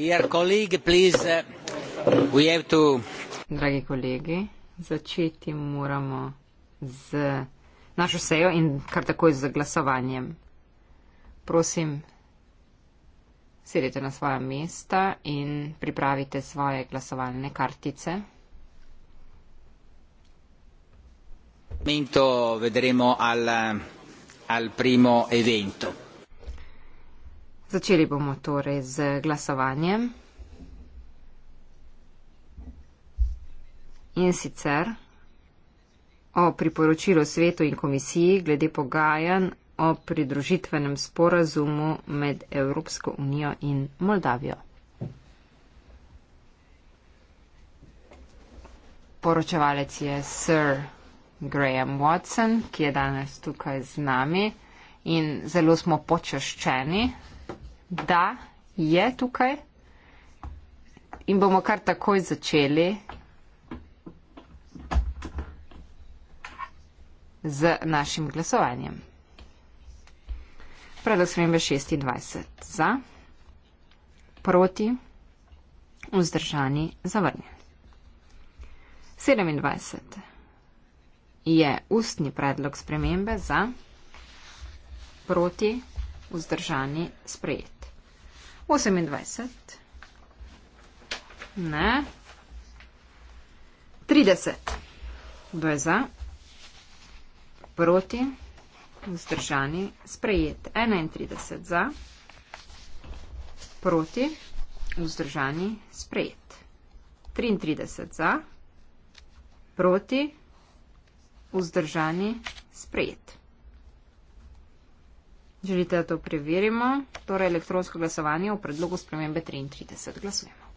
Uh, Dragi kolegi, začeti moramo z našo sejo in kar takoj z glasovanjem. Prosim, sedite na svoja mesta in pripravite svoje glasovalne kartice. Vedremo al, al primo evento. Začeli bomo torej z glasovanjem. In sicer o priporočilu svetu in komisiji glede pogajanj o pridružitvenem sporazumu med Evropsko unijo in Moldavijo. Poročevalec je Sir Graham Watson, ki je danes tukaj z nami in zelo smo počaščeni, da je tukaj in bomo kar takoj začeli z našim glasovanjem. Predlog spremembe 26 za, proti, vzdržani, zavrnjen. 27 je ustni predlog spremembe za, proti, vzdržani, sprejet. 28. Ne. 30. Kdo je za? Proti. Vzdržani. Sprejet. 31 za. Proti. Vzdržani. Sprejet. 33 za. Proti. Vzdržani. Sprejet. Želite, da to preverimo? Torej, elektronsko glasovanje v predlogu spremembe 33. Glasujemo.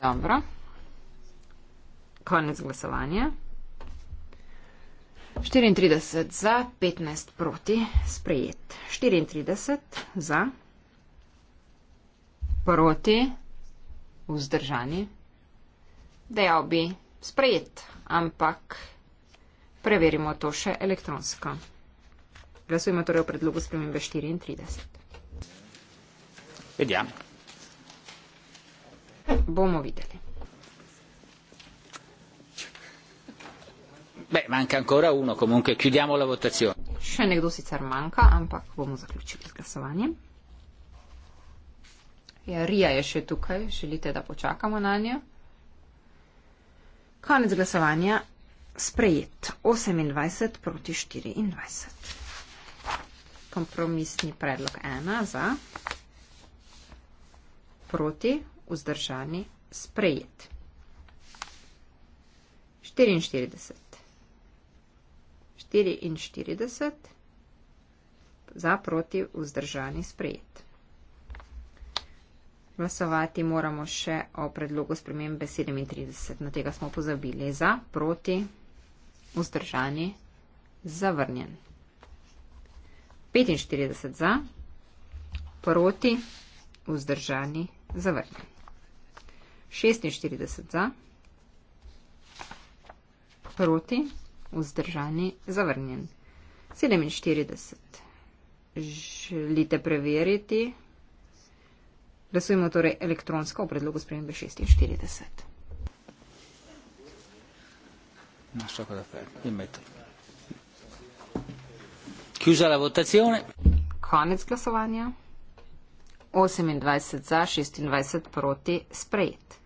Dobro. Konec glasovanja. 34 za, 15 proti, sprejet. 34 za, proti, vzdržani dejal bi sprejet, ampak preverimo to še elektronsko. Glasujemo torej o predlogu spremembe 34. Vidja. Bomo videli. Beh, manjka ancora uno, comunque chiudiamo la votazione. Še nekdo sicer manjka, ampak bomo zaključili z glasovanjem. Ja, Rija je še tukaj, želite, da počakamo na njo? Konec glasovanja sprejet 28 proti 24. Kompromisni predlog 1 za proti vzdržani sprejet. 44. 44 za proti vzdržani sprejet. Glasovati moramo še o predlogu spremembe 37. Na tega smo pozabili. Za, proti, vzdržani, zavrnjen. 45 za, proti, vzdržani, zavrnjen. 46 za, proti, vzdržani, zavrnjen. 47. Želite preveriti? Glasujemo torej elektronsko o predlogu spremembe 46. No, Konec glasovanja. 28 za, 26 proti, sprejet.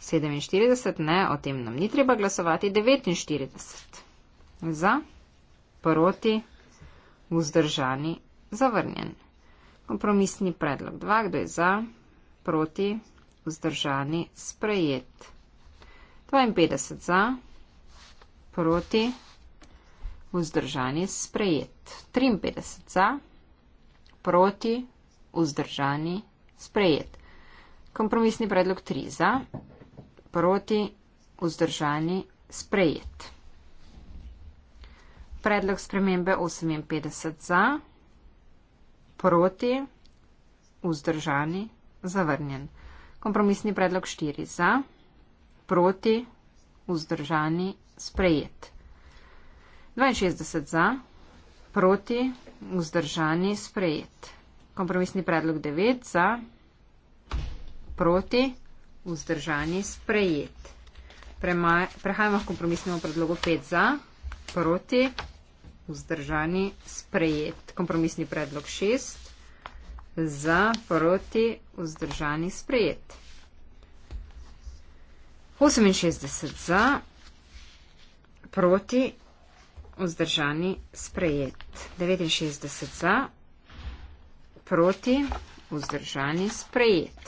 47 ne, o tem nam ni treba glasovati. 49 za, proti, vzdržani zavrnjen. Kompromisni predlog 2, kdo je za, proti, vzdržani, sprejet. 52 za, proti, vzdržani, sprejet. 53 za, proti, vzdržani, sprejet. Kompromisni predlog 3 za, proti, vzdržani, sprejet. Predlog spremembe 58 za proti, vzdržani, zavrnjen. Kompromisni predlog 4 za, proti, vzdržani, sprejet. 62 za, proti, vzdržani, sprejet. Kompromisni predlog 9 za, proti, vzdržani, sprejet. Prehajamo v kompromisnemu predlogu 5 za, proti, vzdržani, sprejet. Kompromisni predlog šest, za, proti, vzdržani, sprejet. 68 za, proti, vzdržani, sprejet. 69 za, proti, vzdržani, sprejet.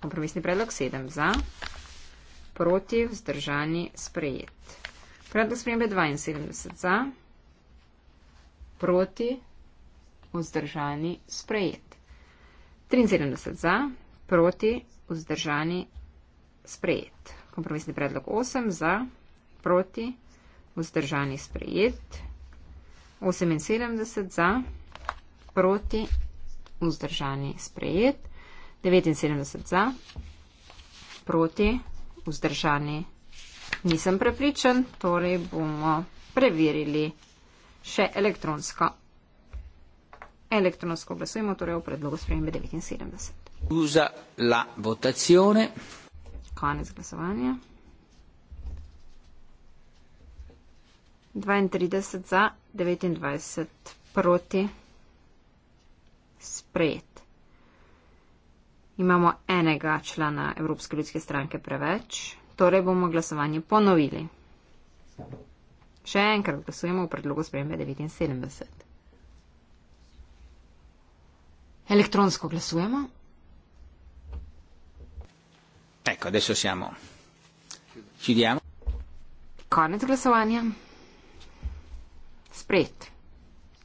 Kompromisni predlog 7 za, proti, vzdržani, sprejet. Predlog spremembe 72 za, proti, vzdržani, sprejet. 73 za, proti, vzdržani, sprejet. Kompromisni predlog 8 za, proti, vzdržani, sprejet. 78 za, proti, vzdržani, sprejet. 79 za, proti, vzdržani, nisem prepričan, torej bomo preverili še elektronska. Elektronsko glasujemo torej o predlogu spremembe 79. Konec glasovanja. 32 za, 29 proti. Sprejet. Imamo enega člana Evropske ljudske stranke preveč, torej bomo glasovanje ponovili. Thank you. Še enkrat glasujemo v predlogu spremembe 79. Elektronsko glasujemo. Ecco, adesso siamo. Chiudiamo. Konec glasovanja. Sprejet.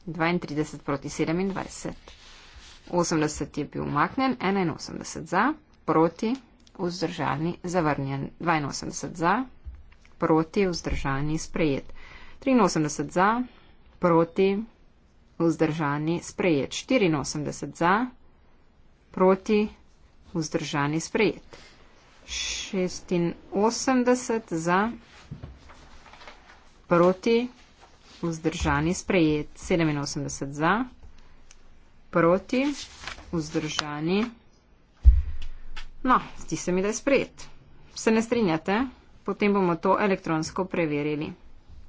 32 proti 27. 80 je bil umaknen, 81 za, proti, vzdržani, zavrnjen. 82 za, proti, vzdržani, sprejet. 83 za, proti, vzdržani, sprejet. 84 za, proti, vzdržani, sprejet. 86 za, proti, vzdržani, sprejet. 87 za, proti, vzdržani. No, zdi se mi, da je sprejet. Se ne strinjate? Potem bomo to elektronsko preverili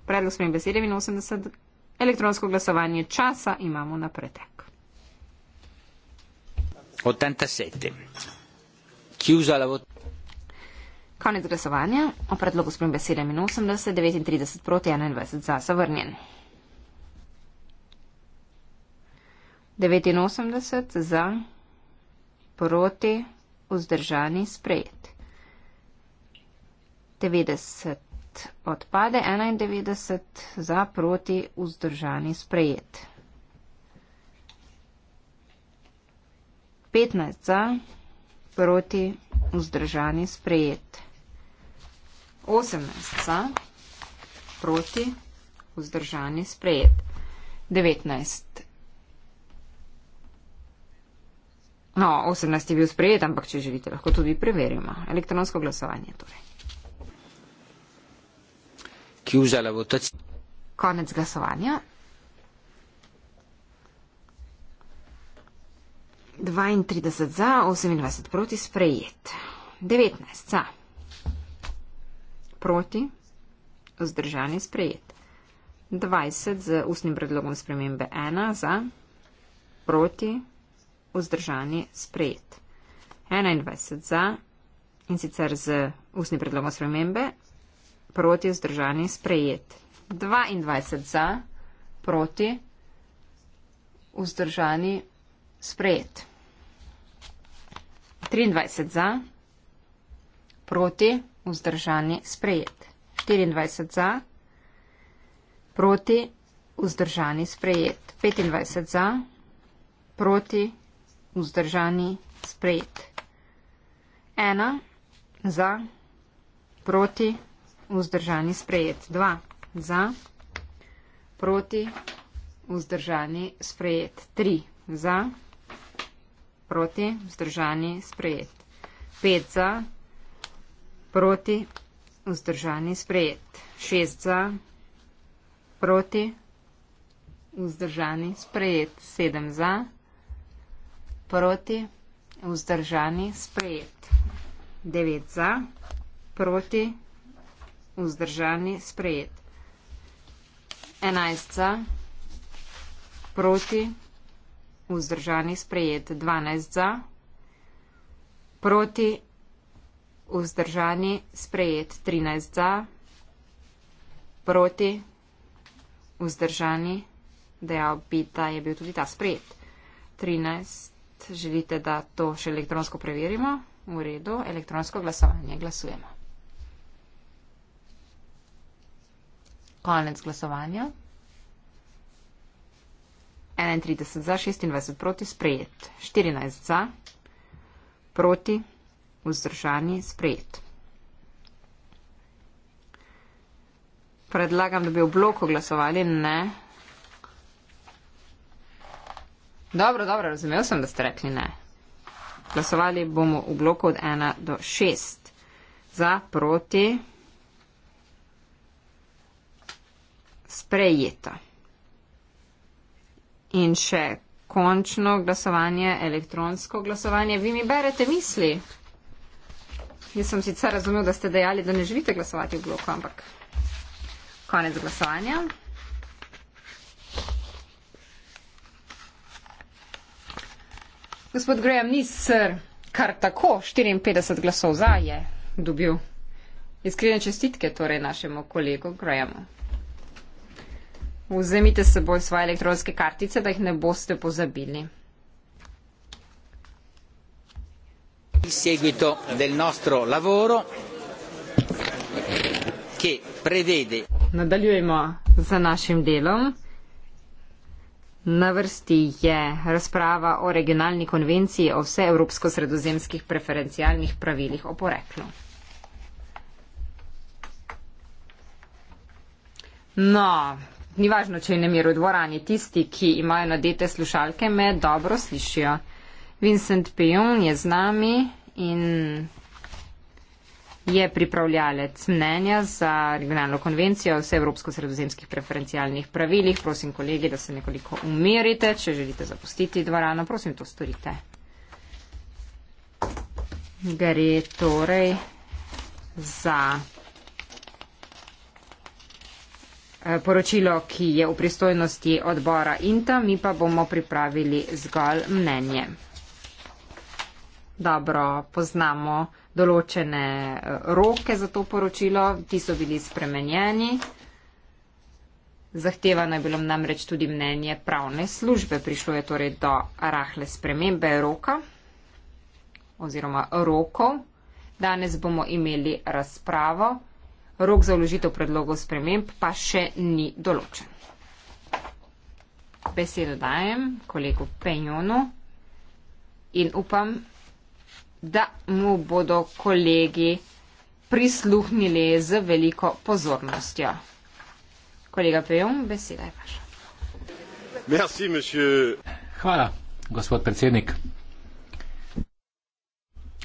predlog sprem besede 81, elektronsko glasovanje časa imamo na pretek. 87. Konec glasovanja o predlogu sprem besede 81, 39 proti 21 za zavrnjen. 89 za, proti, vzdržani, sprejet. 90 odpade 91 za proti vzdržani sprejet. 15 za proti vzdržani sprejet. 18 za proti vzdržani sprejet. 19. No, 18 je bil sprejet, ampak če želite, lahko tudi preverimo. Elektronsko glasovanje torej ki vzela votacijo. Konec glasovanja. 32 za, 28 proti, sprejet. 19 za, proti, vzdržani, sprejet. 20 z ustnim predlogom spremembe 1 za, proti, vzdržani, sprejet. 21 za, in sicer z ustnim predlogom spremembe proti vzdržani sprejet. 22 za, proti vzdržani sprejet. 23 za, proti vzdržani sprejet. 24 za, proti vzdržani sprejet. 25 za, proti vzdržani sprejet. 1 za, proti vzdržani sprejet vzdržani sprejet. 2 za, proti, vzdržani sprejet. 3 za, proti, vzdržani sprejet. 5 za, proti, vzdržani sprejet. 6 za, proti, vzdržani sprejet. 7 za, proti, vzdržani sprejet. 9 za, proti, vzdržani sprejet vzdržani sprejet. 11 za, proti, vzdržani sprejet. 12 za, proti, vzdržani sprejet. 13 za, proti, vzdržani, dejal bi, da je bil tudi ta sprejet. 13, želite, da to še elektronsko preverimo? V redu, elektronsko glasovanje. Glasujemo. Konec glasovanja. 31 za, 26 proti, sprejet. 14 za, proti, vzdržani, sprejet. Predlagam, da bi v bloku glasovali ne. Dobro, dobro, razumel sem, da ste rekli ne. Glasovali bomo v bloku od 1 do 6. Za, proti. sprejeta. In še končno glasovanje, elektronsko glasovanje. Vi mi berete misli. Jaz sem sicer razumel, da ste dejali, da ne želite glasovati v bloku, ampak konec glasovanja. Gospod Graham Nisr, kar tako 54 glasov za je dobil. Iskrene čestitke torej našemu kolegu Grahamu. Vzemite seboj svoje elektronske kartice, da jih ne boste pozabili. Il seguito del nostro lavoro che prevede. Nadaljujemo z našim delom. Na vrsti je razprava o regionalni konvenciji o vseevropsko-sredozemskih preferencialnih pravilih o poreklu. No, Ni važno, če je nemir v dvorani, tisti, ki imajo nadete slušalke, me dobro slišijo. Vincent Pion je z nami in je pripravljalec mnenja za regionalno konvencijo o vseevropsko-sredozemskih preferencialnih pravilih. Prosim, kolegi, da se nekoliko umirite, če želite zapustiti dvorano, prosim, to storite. Gre torej za Eh, poročilo, ki je v pristojnosti odbora INTA, mi pa bomo pripravili zgolj mnenje. Dobro, poznamo določene eh, roke za to poročilo, ti so bili spremenjeni. Zahtevano je bilo namreč tudi mnenje pravne službe, prišlo je torej do rahle spremembe roka oziroma rokov. Danes bomo imeli razpravo. Rok za vložitev predlogov sprememb pa še ni določen. Besedo dajem kolegu Penjonu in upam, da mu bodo kolegi prisluhnili z veliko pozornostjo. Kolega Pejon, beseda je vaša. Merci, Hvala, gospod predsednik.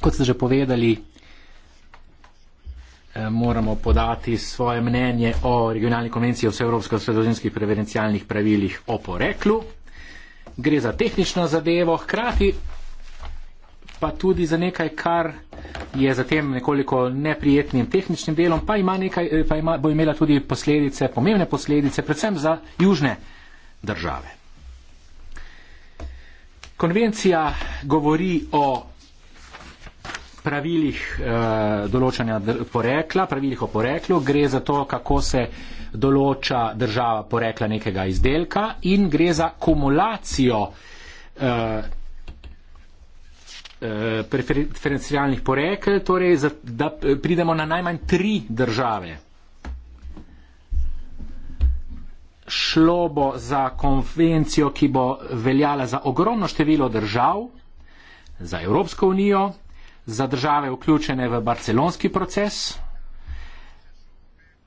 Kot ste že povedali, Eh, moramo podati svoje mnenje o regionalni konvenciji o vseevropsko-sredozemskih prevencijalnih pravilih o poreklu. Gre za tehnično zadevo, hkrati pa tudi za nekaj, kar je za tem nekoliko neprijetnim tehničnim delom, pa, ima nekaj, eh, pa ima, bo imela tudi posledice, pomembne posledice, predvsem za južne države. Konvencija govori o pravilih eh, določanja porekla, pravilih o poreklu, gre za to, kako se določa država porekla nekega izdelka in gre za kumulacijo eh, eh, preferencialnih porekel, torej za, da pridemo na najmanj tri države. Šlo bo za konvencijo, ki bo veljala za ogromno število držav, za Evropsko unijo, za države vključene v barcelonski proces,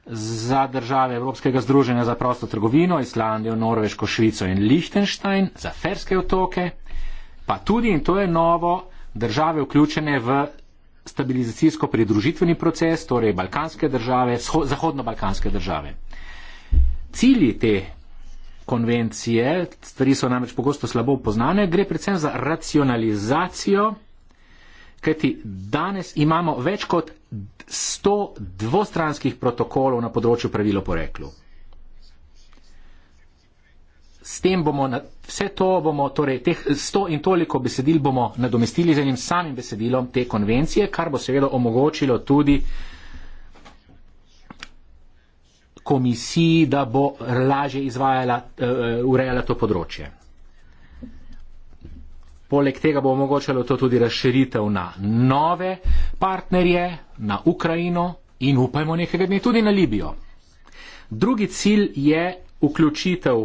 za države Evropskega združenja za prosto trgovino, Islandijo, Norveško, Švico in Liechtenstein, za Ferske otoke, pa tudi, in to je novo, države vključene v stabilizacijsko pridružitveni proces, torej balkanske države, zahodno-balkanske države. Cilji te konvencije, stvari so namreč pogosto slabo poznane, gre predvsem za racionalizacijo kajti danes imamo več kot 100 dvostranskih protokolov na področju pravilo poreklu. S tem bomo na, vse to bomo, torej teh 100 in toliko besedil bomo nadomestili z enim samim besedilom te konvencije, kar bo seveda omogočilo tudi komisiji, da bo lažje izvajala, uh, urejala to področje. Poleg tega bo omogočalo to tudi razširitev na nove partnerje, na Ukrajino in upajmo nekega dne tudi na Libijo. Drugi cilj je vključitev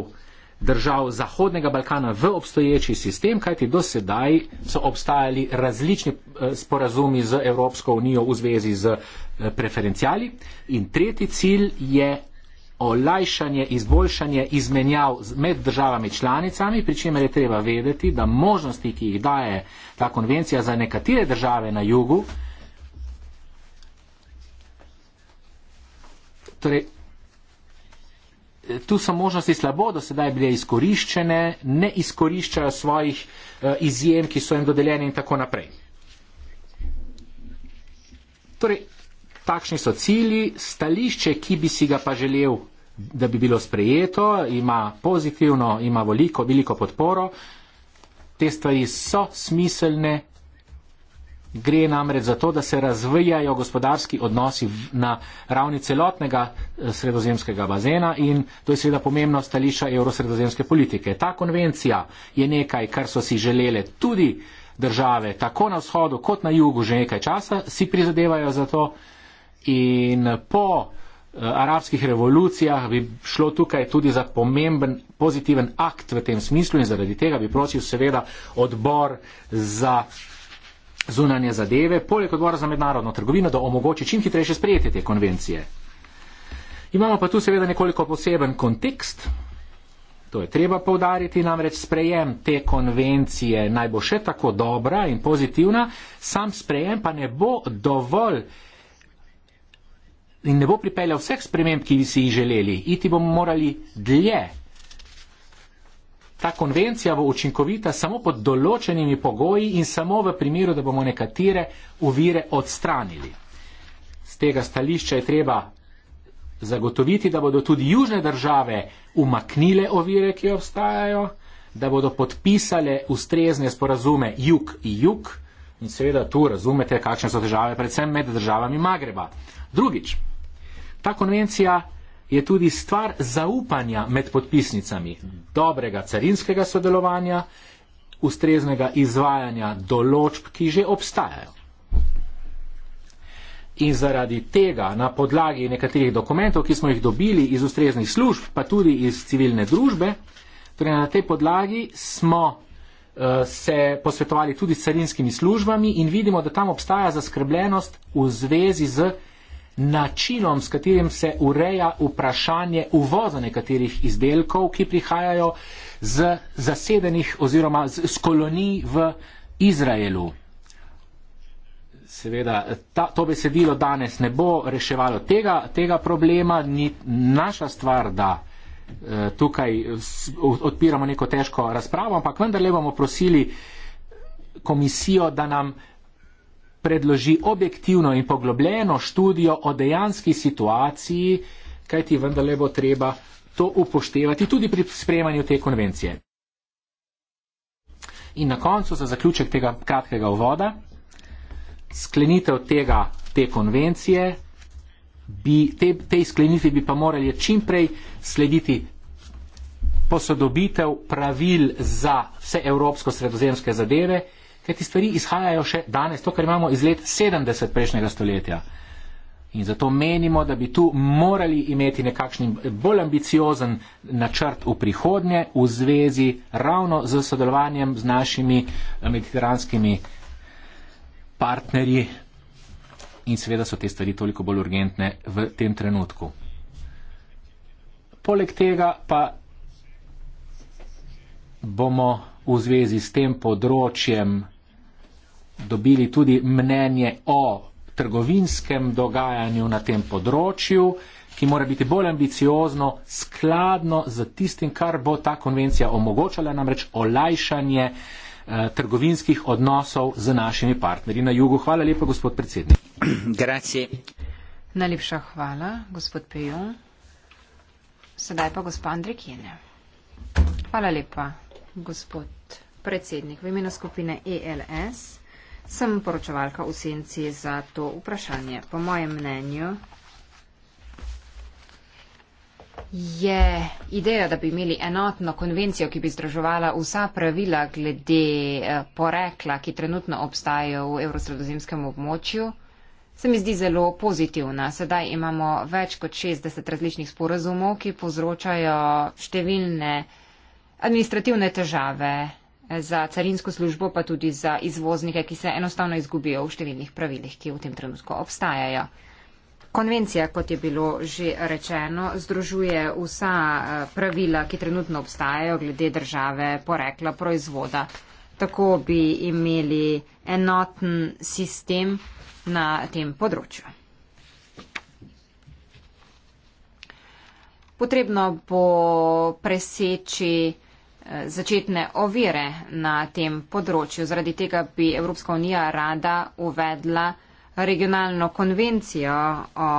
držav Zahodnega Balkana v obstoječi sistem, kajti do sedaj so obstajali različni eh, sporazumi z Evropsko unijo v zvezi z eh, preferencijali. In tretji cilj je olajšanje, izboljšanje izmenjav med državami članicami, pri čemer je treba vedeti, da možnosti, ki jih daje ta konvencija za nekatere države na jugu, torej, tu so možnosti slabo, da sedaj bile izkoriščene, ne izkoriščajo svojih eh, izjem, ki so jim dodeljeni in tako naprej. Torej, takšni so cilji, stališče, ki bi si ga pa želel da bi bilo sprejeto, ima pozitivno, ima veliko, veliko podporo. Te stvari so smiselne, gre namreč za to, da se razvijajo gospodarski odnosi na ravni celotnega eh, sredozemskega bazena in to je seveda pomembno stališče evrosredozemske politike. Ta konvencija je nekaj, kar so si želele tudi države, tako na vzhodu kot na jugu že nekaj časa, si prizadevajo za to in po arabskih revolucijah bi šlo tukaj tudi za pomemben pozitiven akt v tem smislu in zaradi tega bi prosil seveda odbor za zunanje zadeve, poleg odbora za mednarodno trgovino, da omogoči čim hitrejše sprejetje te konvencije. Imamo pa tu seveda nekoliko poseben kontekst, to je treba povdariti, namreč sprejem te konvencije naj bo še tako dobra in pozitivna, sam sprejem pa ne bo dovolj in ne bo pripeljal vseh sprememb, ki bi si jih želeli. Iti bomo morali dlje. Ta konvencija bo učinkovita samo pod določenimi pogoji in samo v primeru, da bomo nekatere uvire odstranili. Z tega stališča je treba zagotoviti, da bodo tudi južne države umaknile ovire, ki obstajajo, da bodo podpisale ustrezne sporazume jug-jug in seveda tu razumete, kakšne so države predvsem med državami Magreba. Drugič. Ta konvencija je tudi stvar zaupanja med podpisnicami, dobrega carinskega sodelovanja, ustreznega izvajanja določb, ki že obstajajo. In zaradi tega, na podlagi nekaterih dokumentov, ki smo jih dobili iz ustreznih služb, pa tudi iz civilne družbe, torej na tej podlagi smo eh, se posvetovali tudi s carinskimi službami in vidimo, da tam obstaja zaskrbljenost v zvezi z načinom, s katerim se ureja vprašanje uvoza nekaterih izdelkov, ki prihajajo z zasedenih oziroma z, z kolonij v Izraelu. Seveda, ta, to besedilo danes ne bo reševalo tega, tega problema, ni naša stvar, da eh, tukaj odpiramo neko težko razpravo, ampak vendarle bomo prosili komisijo, da nam predloži objektivno in poglobljeno študijo o dejanski situaciji, kajti vendarle bo treba to upoštevati tudi pri sprejemanju te konvencije. In na koncu, za zaključek tega kratkega uvoda, sklenitev tega, te konvencije, bi, te, tej sklenitvi bi pa morali čimprej slediti posodobitev pravil za vse evropsko sredozemske zadeve, Kajti stvari izhajajo še danes, to, kar imamo iz let 70 prejšnjega stoletja. In zato menimo, da bi tu morali imeti nekakšen bolj ambiciozen načrt v prihodnje v zvezi ravno z sodelovanjem z našimi eh, mediteranskimi partnerji. In seveda so te stvari toliko bolj urgentne v tem trenutku. Poleg tega pa bomo v zvezi s tem področjem dobili tudi mnenje o trgovinskem dogajanju na tem področju, ki mora biti bolj ambiciozno, skladno z tistim, kar bo ta konvencija omogočala, namreč olajšanje eh, trgovinskih odnosov z našimi partnerji na jugu. Hvala lepa, gospod predsednik. Grazie. Najlepša hvala, gospod Pejon. Sedaj pa gospod Andrikine. Hvala lepa, gospod predsednik. V imenu skupine ELS sem poročevalka v senci za to vprašanje. Po mojem mnenju je ideja, da bi imeli enotno konvencijo, ki bi združovala vsa pravila glede eh, porekla, ki trenutno obstajajo v evrosredozemskem območju, se mi zdi zelo pozitivna. Sedaj imamo več kot 60 različnih sporazumov, ki povzročajo številne administrativne težave za carinsko službo, pa tudi za izvoznike, ki se enostavno izgubijo v številnih pravilih, ki v tem trenutku obstajajo. Konvencija, kot je bilo že rečeno, združuje vsa eh, pravila, ki trenutno obstajajo glede države, porekla, proizvoda. Tako bi imeli enoten sistem na tem področju. Potrebno bo preseči začetne ovire na tem področju. Zaradi tega bi Evropska unija rada uvedla regionalno konvencijo o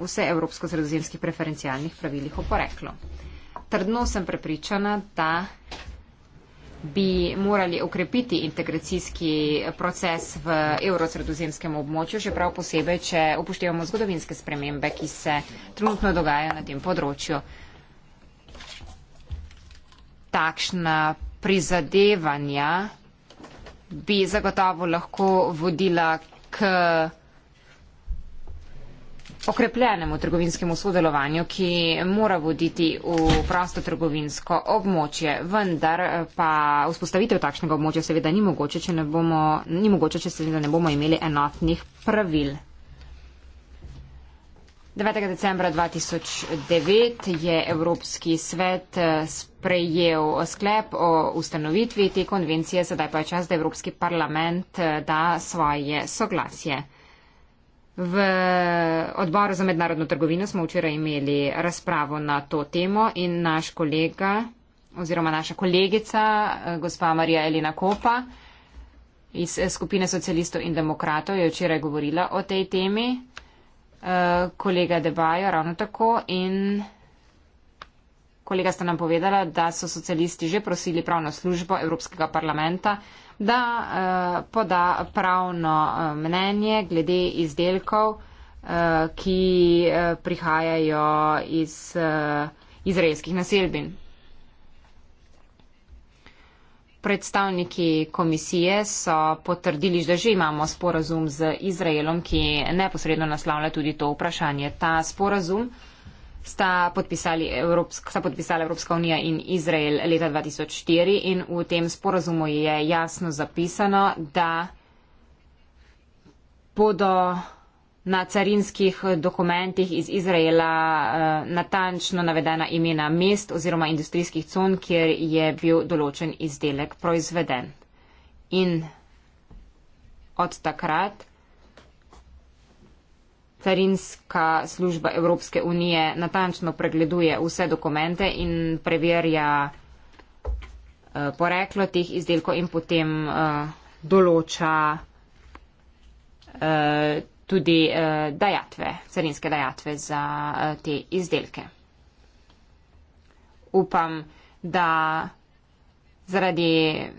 vseevropsko sredozemskih preferencialnih pravilih o poreklu. Trdno sem prepričana, da bi morali okrepiti integracijski proces v evrosredozemskem območju, še prav posebej, če upoštevamo zgodovinske spremembe, ki se trenutno dogajajo na tem področju takšna prizadevanja bi zagotovo lahko vodila k okrepljenemu trgovinskemu sodelovanju, ki mora voditi v prosto trgovinsko območje. Vendar pa vzpostavitev takšnega območja seveda ni mogoče, če ne bomo, ni mogoče, če seveda ne bomo imeli enotnih pravil. 9. decembra 2009 je Evropski svet eh, sprejel sklep o ustanovitvi te konvencije, sedaj pa je čas, da Evropski parlament eh, da svoje soglasje. V odboru za mednarodno trgovino smo včeraj imeli razpravo na to temo in naš kolega oziroma naša kolegica, eh, gospa Marija Elina Kopa iz skupine socialistov in demokratov, je včeraj govorila o tej temi. Eh, kolega Debajo ravno tako in kolega sta nam povedala, da so socialisti že prosili pravno službo Evropskega parlamenta, da uh, poda pravno eh, mnenje glede izdelkov, uh, ki uh, prihajajo iz uh, izraelskih naselbin. Predstavniki komisije so potrdili, da že imamo sporazum z Izraelom, ki neposredno naslavlja tudi to vprašanje. Ta sporazum sta, Evropsk, sta podpisali Evropska unija in Izrael leta 2004 in v tem sporazumu je jasno zapisano, da bodo na carinskih dokumentih iz Izraela eh, natančno navedena imena mest oziroma industrijskih con, kjer je bil določen izdelek proizveden. In od takrat carinska služba Evropske unije natančno pregleduje vse dokumente in preverja eh, poreklo teh izdelkov in potem eh, določa tudi eh, dajatve, carinske dajatve za eh, te izdelke. Upam, da, zaradi,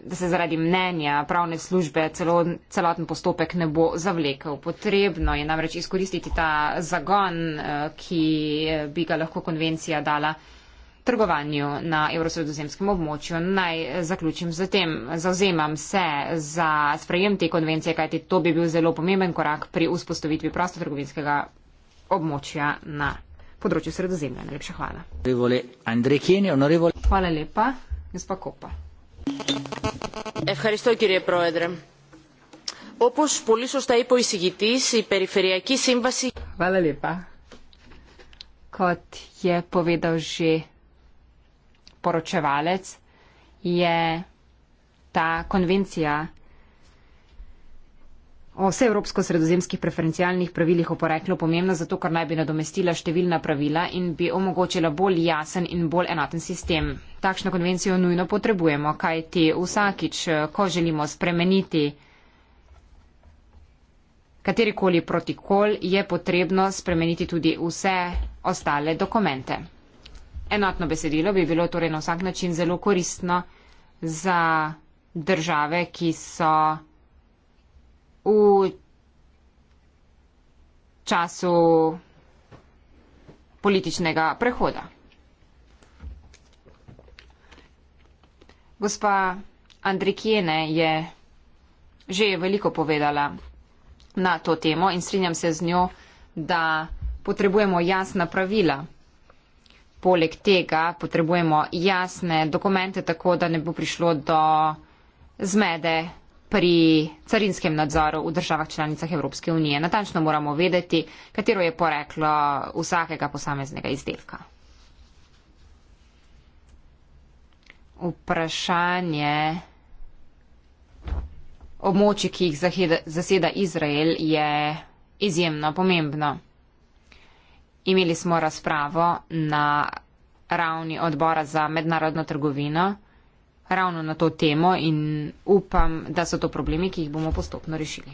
da se zaradi mnenja pravne službe celo, celoten postopek ne bo zavlekel. Potrebno je namreč izkoristiti ta zagon, eh, ki bi ga lahko konvencija dala trgovanju na evrosredozemskem območju. Naj zaključim z tem. Zauzemam se za sprejem te konvencije, kajti to bi bil zelo pomemben korak pri vzpostavitvi prostotrgovinskega območja na področju sredozemlja. Najlepša hvala. Hvala lepa, gospa Kopa. Ευχαριστώ κύριε Πρόεδρε. Όπως πολύ σωστά είπε ο εισηγητής, η Περιφερειακή Σύμβαση... Ευχαριστώ. Κότ, είπε ο εισηγητής, poročevalec, je ta konvencija o vseevropsko sredozemskih preferencialnih pravilih o poreklu pomembna zato, ker naj bi nadomestila številna pravila in bi omogočila bolj jasen in bolj enoten sistem. Takšno konvencijo nujno potrebujemo, kajti vsakič, ko želimo spremeniti katerikoli protikol, je potrebno spremeniti tudi vse ostale dokumente. Enotno besedilo bi bilo torej na vsak način zelo koristno za države, ki so v času političnega prehoda. Gospa Andrikijene je že veliko povedala na to temo in strinjam se z njo, da potrebujemo jasna pravila Poleg tega potrebujemo jasne dokumente, tako da ne bo prišlo do zmede pri carinskem nadzoru v državah članicah Evropske unije. Natančno moramo vedeti, katero je poreklo vsakega posameznega izdelka. Vprašanje območij, ki jih zaseda Izrael, je izjemno pomembno. Imeli smo razpravo na ravni odbora za mednarodno trgovino ravno na to temo in upam, da so to problemi, ki jih bomo postopno rešili.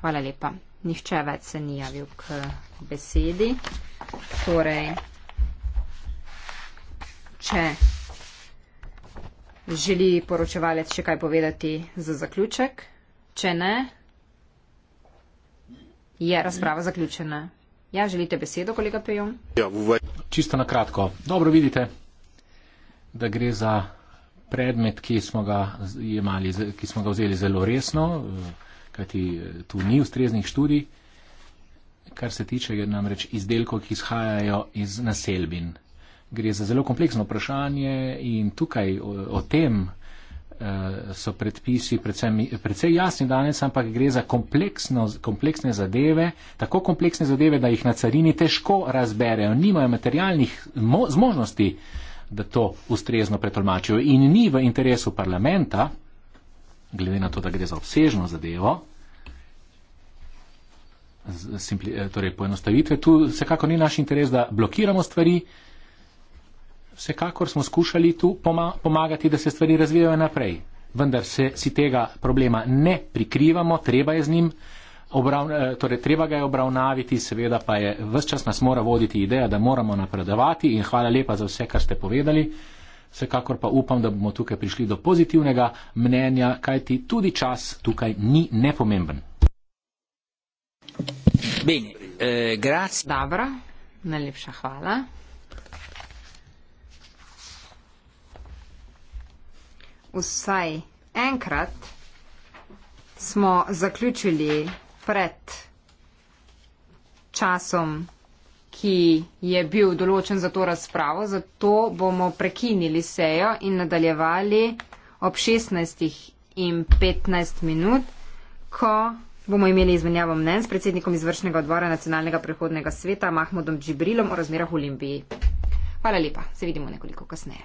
Hvala lepa. Nihče več se ni javil k besedi. Torej, če želi poročevalec še kaj povedati za zaključek, če ne, je razprava zaključena. Ja, želite besedo, kolega Pejon? Ja, Čisto na kratko. Dobro vidite, da gre za predmet, ki smo ga, jemali, ki smo ga vzeli zelo resno, eh, kajti eh, tu ni ustreznih študij, kar se tiče namreč izdelkov, ki izhajajo iz naselbin. Gre za zelo kompleksno vprašanje in tukaj o, o tem, Eh, so predpisi predvsem, predvsej jasni danes, ampak gre za kompleksne zadeve, tako kompleksne zadeve, da jih na carini težko razberejo, nimajo materialnih zmožnosti, da to ustrezno pretolmačijo in ni v interesu parlamenta, glede na to, da gre za obsežno zadevo. Simpli, eh, torej poenostavitve, tu vsekako ni naš interes, da blokiramo stvari, vsekakor smo skušali tu pomagati, da se stvari razvijajo naprej. Vendar se, si tega problema ne prikrivamo, treba, njim, obravn, eh, torej, treba ga je obravnaviti, seveda pa je vse čas nas mora voditi ideja, da moramo napredovati in hvala lepa za vse, kar ste povedali. Vsekakor pa upam, da bomo tukaj prišli do pozitivnega mnenja, kajti tudi čas tukaj ni nepomemben. Bene, eh, grac... Dobro, najlepša hvala. vsaj enkrat smo zaključili pred časom, ki je bil določen za to razpravo, zato bomo prekinili sejo in nadaljevali ob 16. in 15. minut, ko bomo imeli izmenjavo mnen s predsednikom izvršnega odbora nacionalnega prehodnega sveta Mahmudom Džibrilom o razmerah v Olimpiji. Hvala lepa, se vidimo nekoliko kasneje.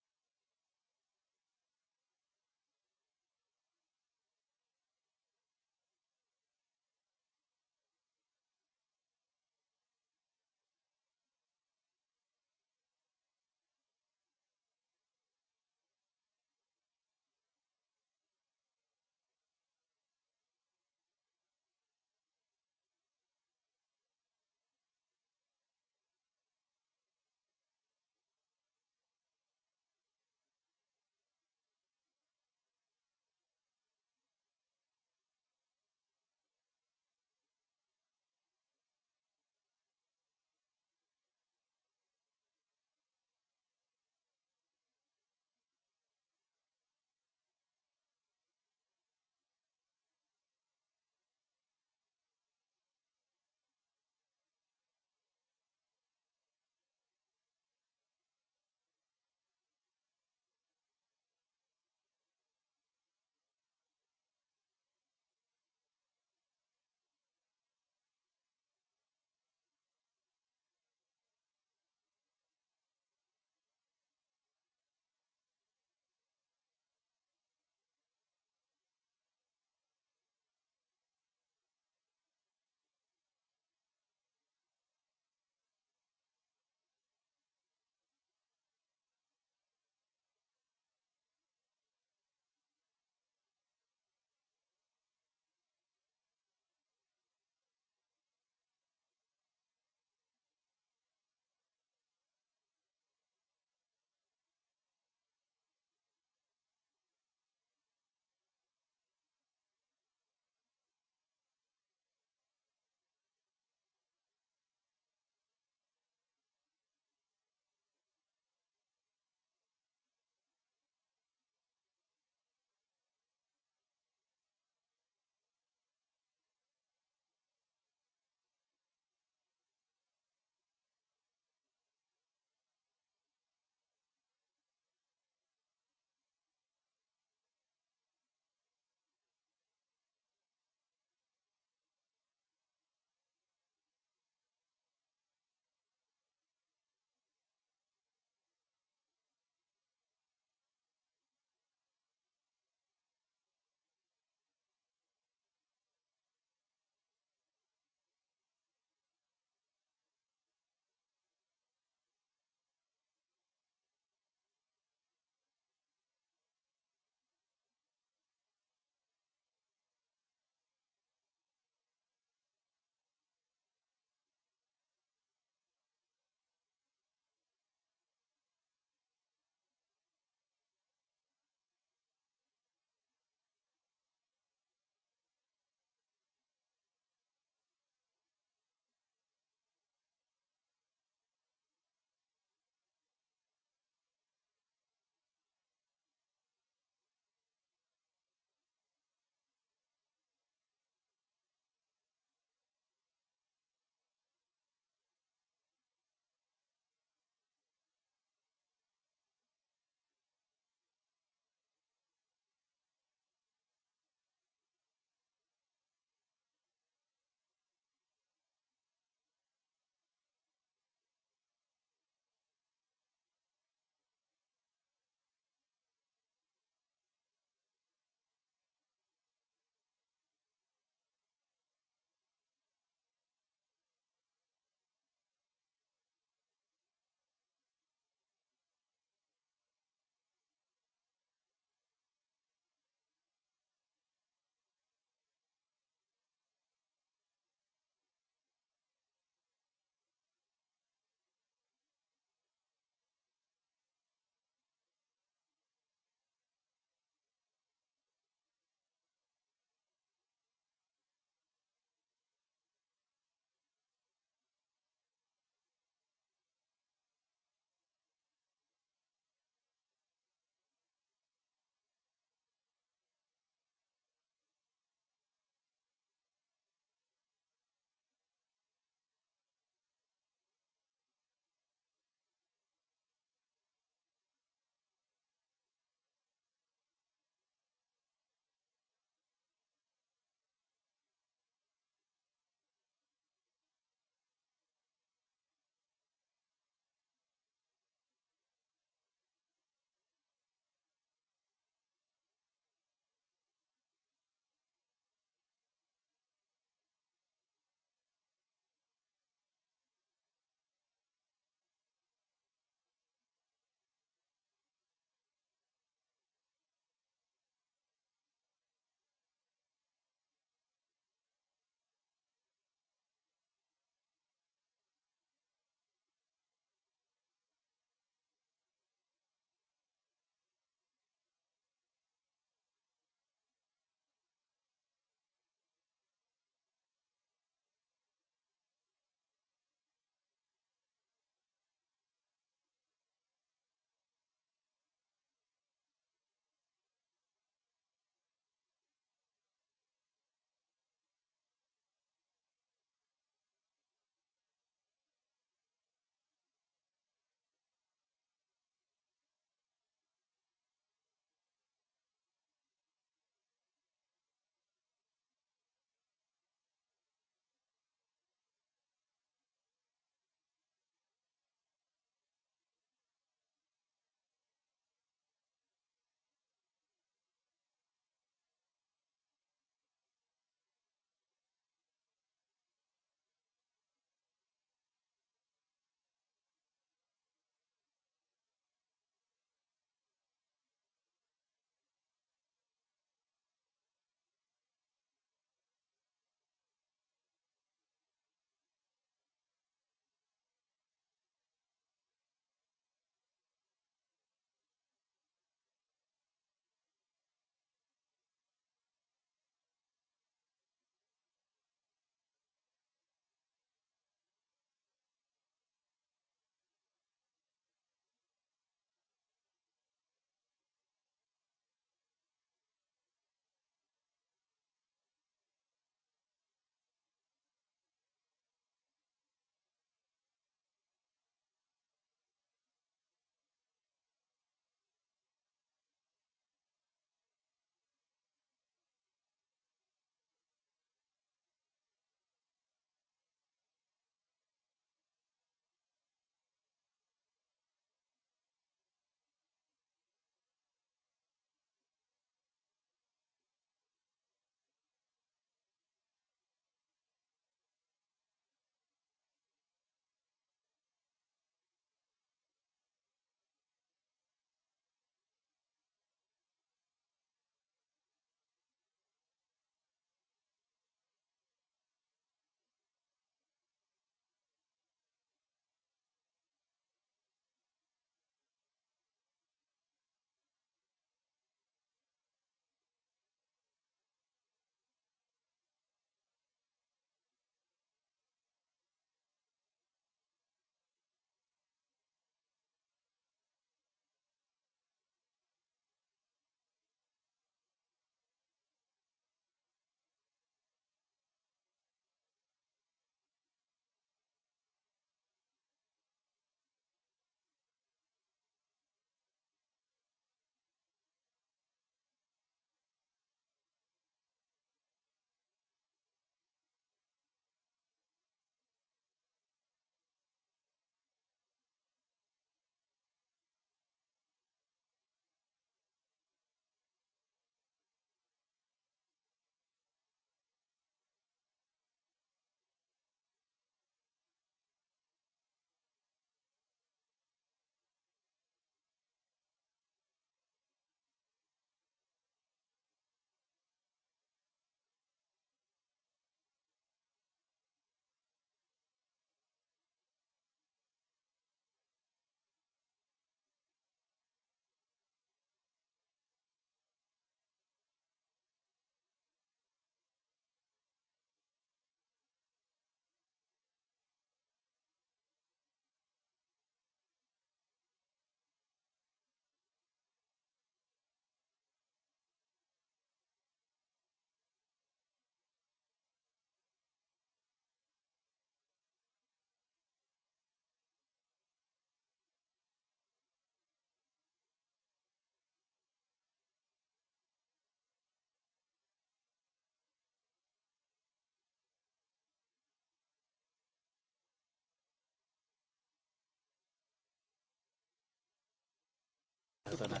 köszönet.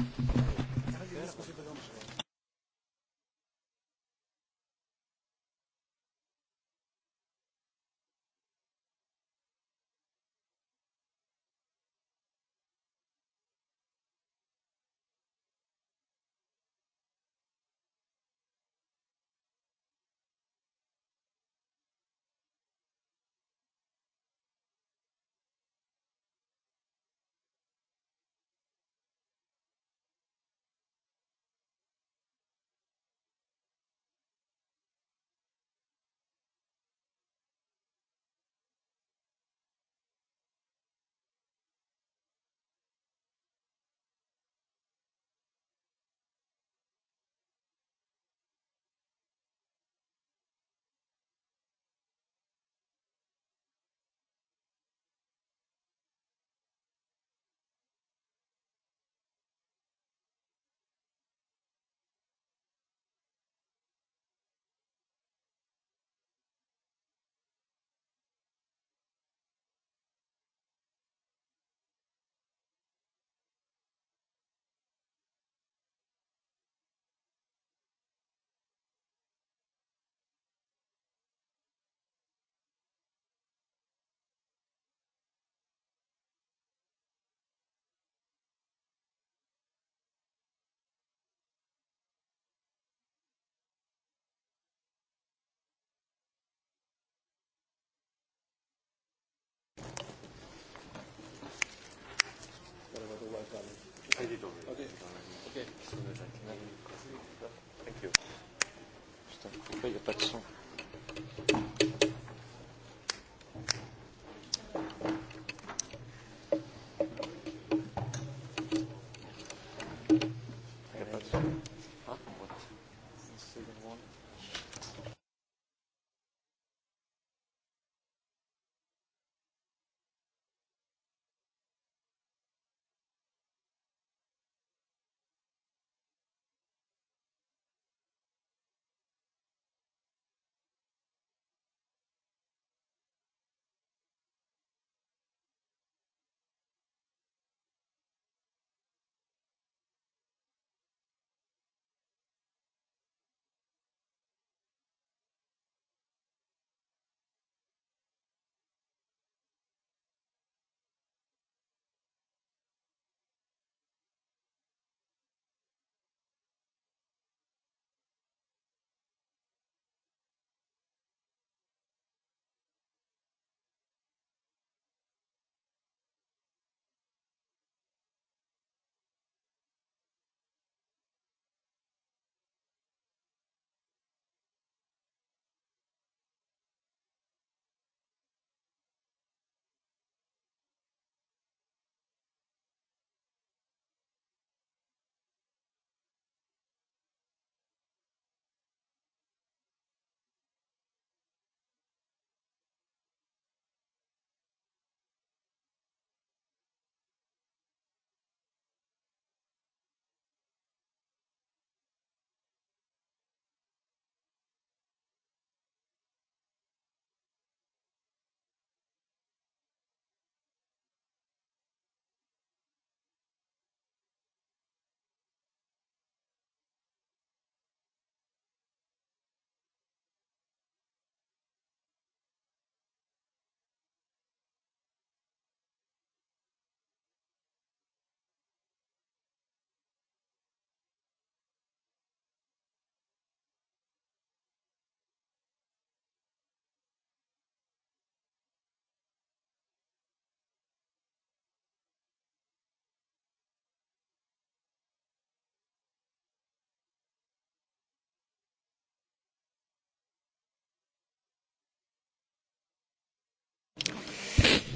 Köszönöm.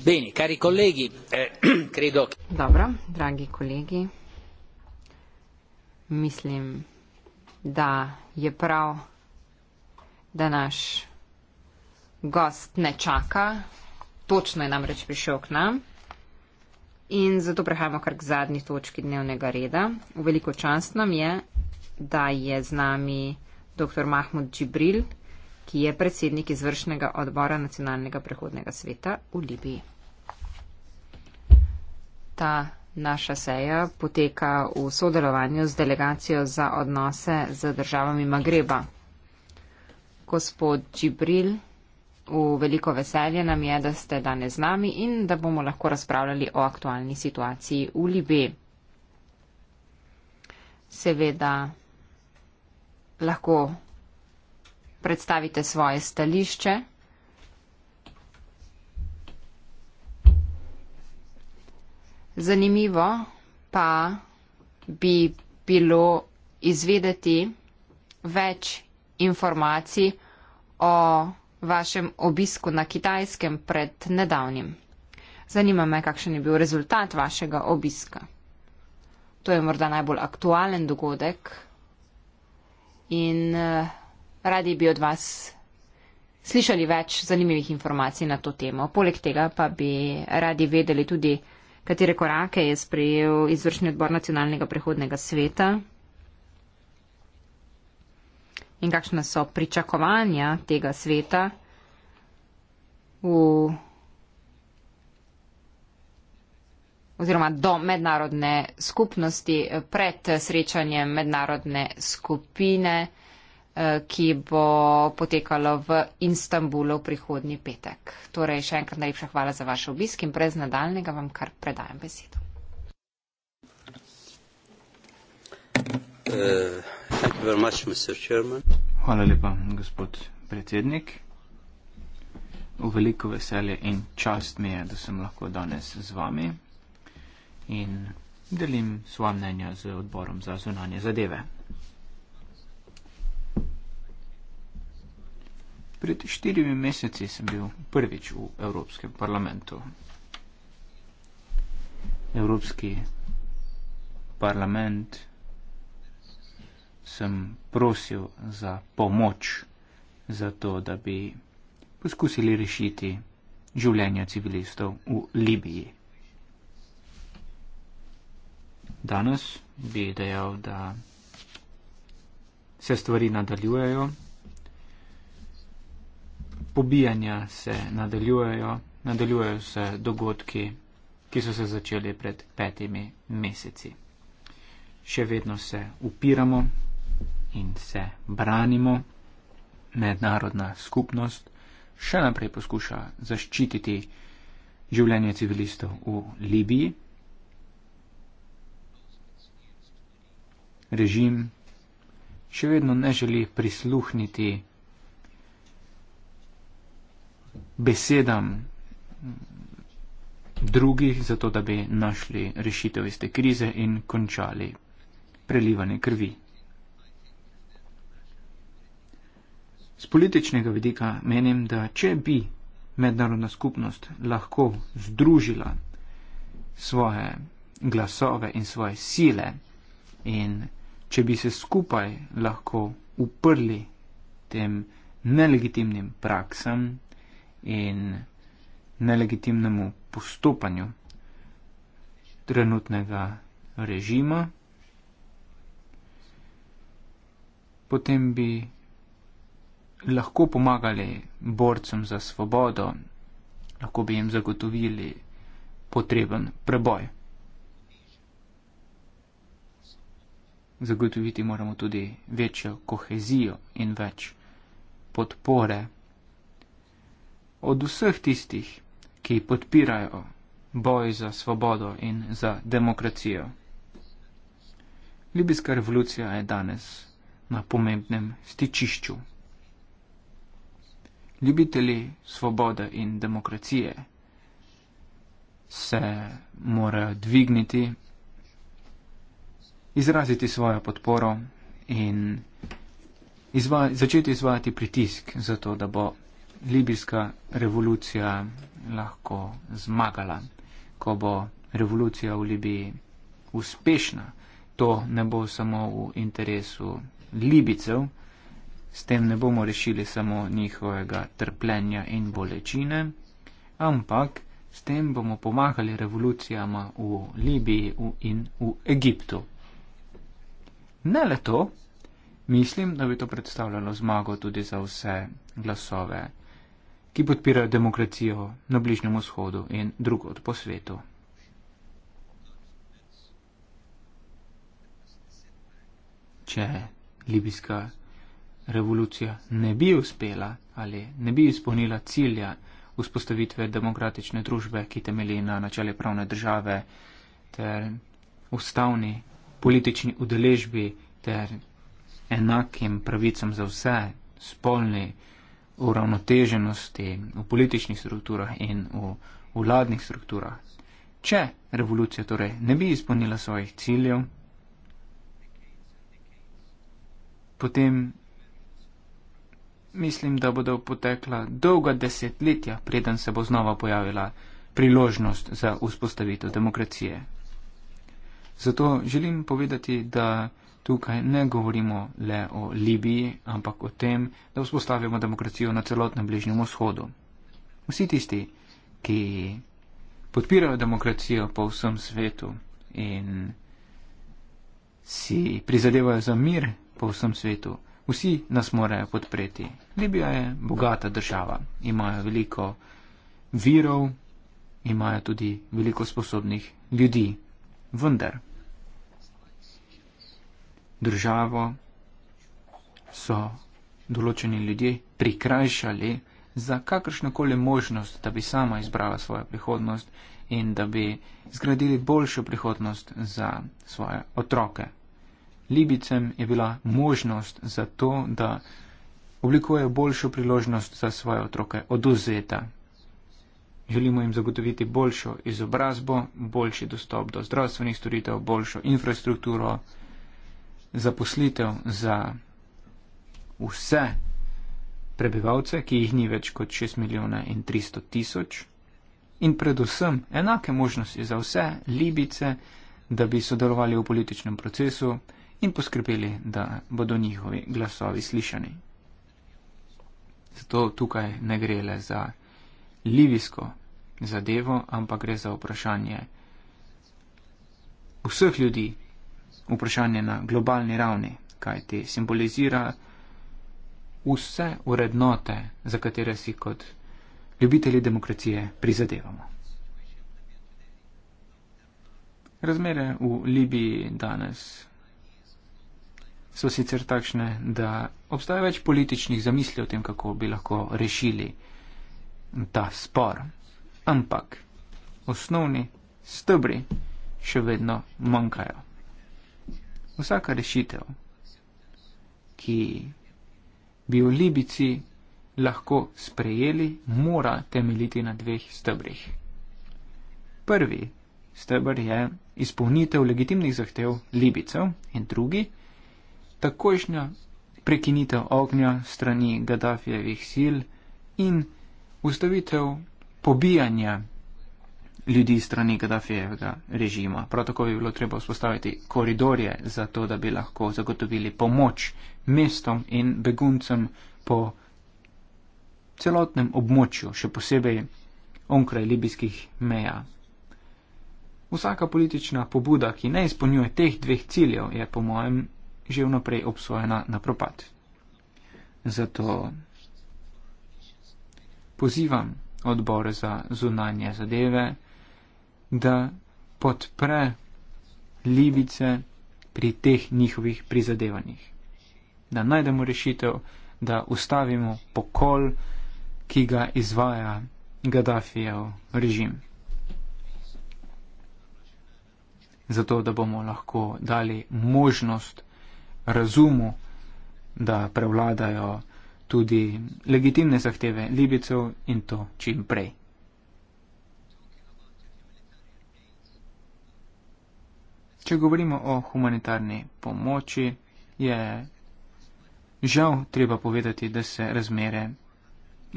Bene, cari colleghi, eh, credo che... Dobro, dragi colleghi, mislim da je prav, da naš gost ne čaka, točno je namreč prišel k nam. In zato prehajamo kar k zadnji točki dnevnega reda. V veliko čast nam je, da je z nami dr. Mahmud Džibril, ki je predsednik izvršnega odbora Nacionalnega prehodnega sveta v Libiji ta naša seja poteka v sodelovanju z delegacijo za odnose z državami Magreba. Gospod Džibril, v veliko veselje nam je, da ste danes z nami in da bomo lahko razpravljali o aktualni situaciji v Libiji. Seveda lahko predstavite svoje stališče. Zanimivo pa bi bilo izvedeti več informacij o vašem obisku na kitajskem pred nedavnim. Zanima me, kakšen je bil rezultat vašega obiska. To je morda najbolj aktualen dogodek in eh, radi bi od vas slišali več zanimivih informacij na to temo. Poleg tega pa bi radi vedeli tudi, Katere korake je sprejel izvršni odbor nacionalnega prehodnega sveta? In kakšna so pričakovanja tega sveta v, oziroma do mednarodne skupnosti pred srečanjem mednarodne skupine? Eh, ki bo potekalo v Istanbulu prihodnji petek. Torej, še enkrat najlepša hvala za vaš obisk in brez nadaljnega vam kar predajam besedo. Eh, hvala lepa, gospod predsednik. V veliko veselje in čast mi je, da sem lahko danes z vami in delim svoje mnenja z odborom za zunanje zadeve. Pred štirimi meseci sem bil prvič v Evropskem parlamentu. Evropski parlament sem prosil za pomoč, za to, da bi poskusili rešiti življenja civilistov v Libiji. Danes bi dejal, da se stvari nadaljujejo pobijanja se nadaljujejo, nadaljujejo se dogodki, ki so se začeli pred petimi meseci. Še vedno se upiramo in se branimo. Mednarodna skupnost še naprej poskuša zaščititi življenje civilistov v Libiji. Režim še vedno ne želi prisluhniti besedam drugih, zato da bi našli rešitev iz te krize in končali prelivanje krvi. Z političnega vidika menim, da če bi mednarodna skupnost lahko združila svoje glasove in svoje sile in če bi se skupaj lahko uprli tem nelegitimnim praksam, in nelegitimnemu postopanju trenutnega režima, potem bi lahko pomagali borcem za svobodo, lahko bi jim zagotovili potreben preboj. Zagotoviti moramo tudi večjo kohezijo in več podpore od vseh tistih, ki podpirajo boj za svobodo in za demokracijo. Libijska revolucija je danes na pomembnem stičišču. Ljubitelji svobode in demokracije se morajo dvigniti, izraziti svojo podporo in izva začeti izvajati pritisk za to, da bo libijska revolucija lahko zmagala, ko bo revolucija v Libiji uspešna. To ne bo samo v interesu Libicev, s tem ne bomo rešili samo njihovega trpljenja in bolečine, ampak s tem bomo pomagali revolucijama v Libiji in v Egiptu. Ne le to, mislim, da bi to predstavljalo zmago tudi za vse glasove ki podpirajo demokracijo na Bližnjem vzhodu in drugod po svetu. Če libijska revolucija ne bi uspela ali ne bi izpolnila cilja vzpostavitve demokratične družbe, ki temelji na načele pravne države ter ustavni politični udeležbi ter enakim pravicam za vse, spolni, uravnoteženosti v političnih strukturah in v vladnih strukturah. Če revolucija torej ne bi izpolnila svojih ciljev, potem mislim, da bodo potekla dolga desetletja, preden se bo znova pojavila priložnost za vzpostavitev demokracije. Zato želim povedati, da tukaj ne govorimo le o Libiji, ampak o tem, da vzpostavimo demokracijo na celotnem bližnjem vzhodu. Vsi tisti, ki podpirajo demokracijo po vsem svetu in si prizadevajo za mir po vsem svetu, vsi nas morajo podpreti. Libija je bogata država, imajo veliko virov, imajo tudi veliko sposobnih ljudi. Vendar državo so določeni ljudje prikrajšali za kakršnokoli možnost, da bi sama izbrala svojo prihodnost in da bi zgradili boljšo prihodnost za svoje otroke. Libicem je bila možnost za to, da oblikujejo boljšo priložnost za svoje otroke oduzeta. Želimo jim zagotoviti boljšo izobrazbo, boljši dostop do zdravstvenih storitev, boljšo infrastrukturo, zaposlitev za vse prebivalce, ki jih ni več kot 6 milijona in 300 tisoč, in predvsem enake možnosti za vse Libice, da bi sodelovali v političnem procesu in poskrbeli, da bodo njihovi glasovi slišani. Zato tukaj ne gre le za libijsko zadevo, ampak gre za vprašanje vseh ljudi, vprašanje na globalni ravni, kaj ti simbolizira vse urednote, za katere si kot ljubitelji demokracije prizadevamo. Razmere v Libiji danes so sicer takšne, da obstaja več političnih zamisli o tem, kako bi lahko rešili ta spor. Ampak osnovni stebri še vedno manjkajo. Vsaka rešitev, ki bi jo Libici lahko sprejeli, mora temeljiti na dveh stebrih. Prvi stebr je izpolnitev legitimnih zahtev Libicev in drugi takošnja prekinitev ognja strani Gaddafijevih sil in ustavitev pobijanja ljudi strani Gaddafijevega režima. Prav tako bi bilo treba vzpostaviti koridorje za to, da bi lahko zagotovili pomoč mestom in beguncem po celotnem območju, še posebej onkraj libijskih meja. Vsaka politična pobuda, ki ne izpolnjuje teh dveh ciljev, je po mojem že vnaprej obsojena na propad. Zato pozivam odbor za zunanje zadeve, da podpre Libice pri teh njihovih prizadevanjih. Da najdemo rešitev, da ustavimo pokol, ki ga izvaja Gaddafijev režim. Zato, da bomo lahko dali možnost razumu, da prevladajo tudi legitimne zahteve Libicev in to čim prej. Če govorimo o humanitarni pomoči, je žal treba povedati, da se razmere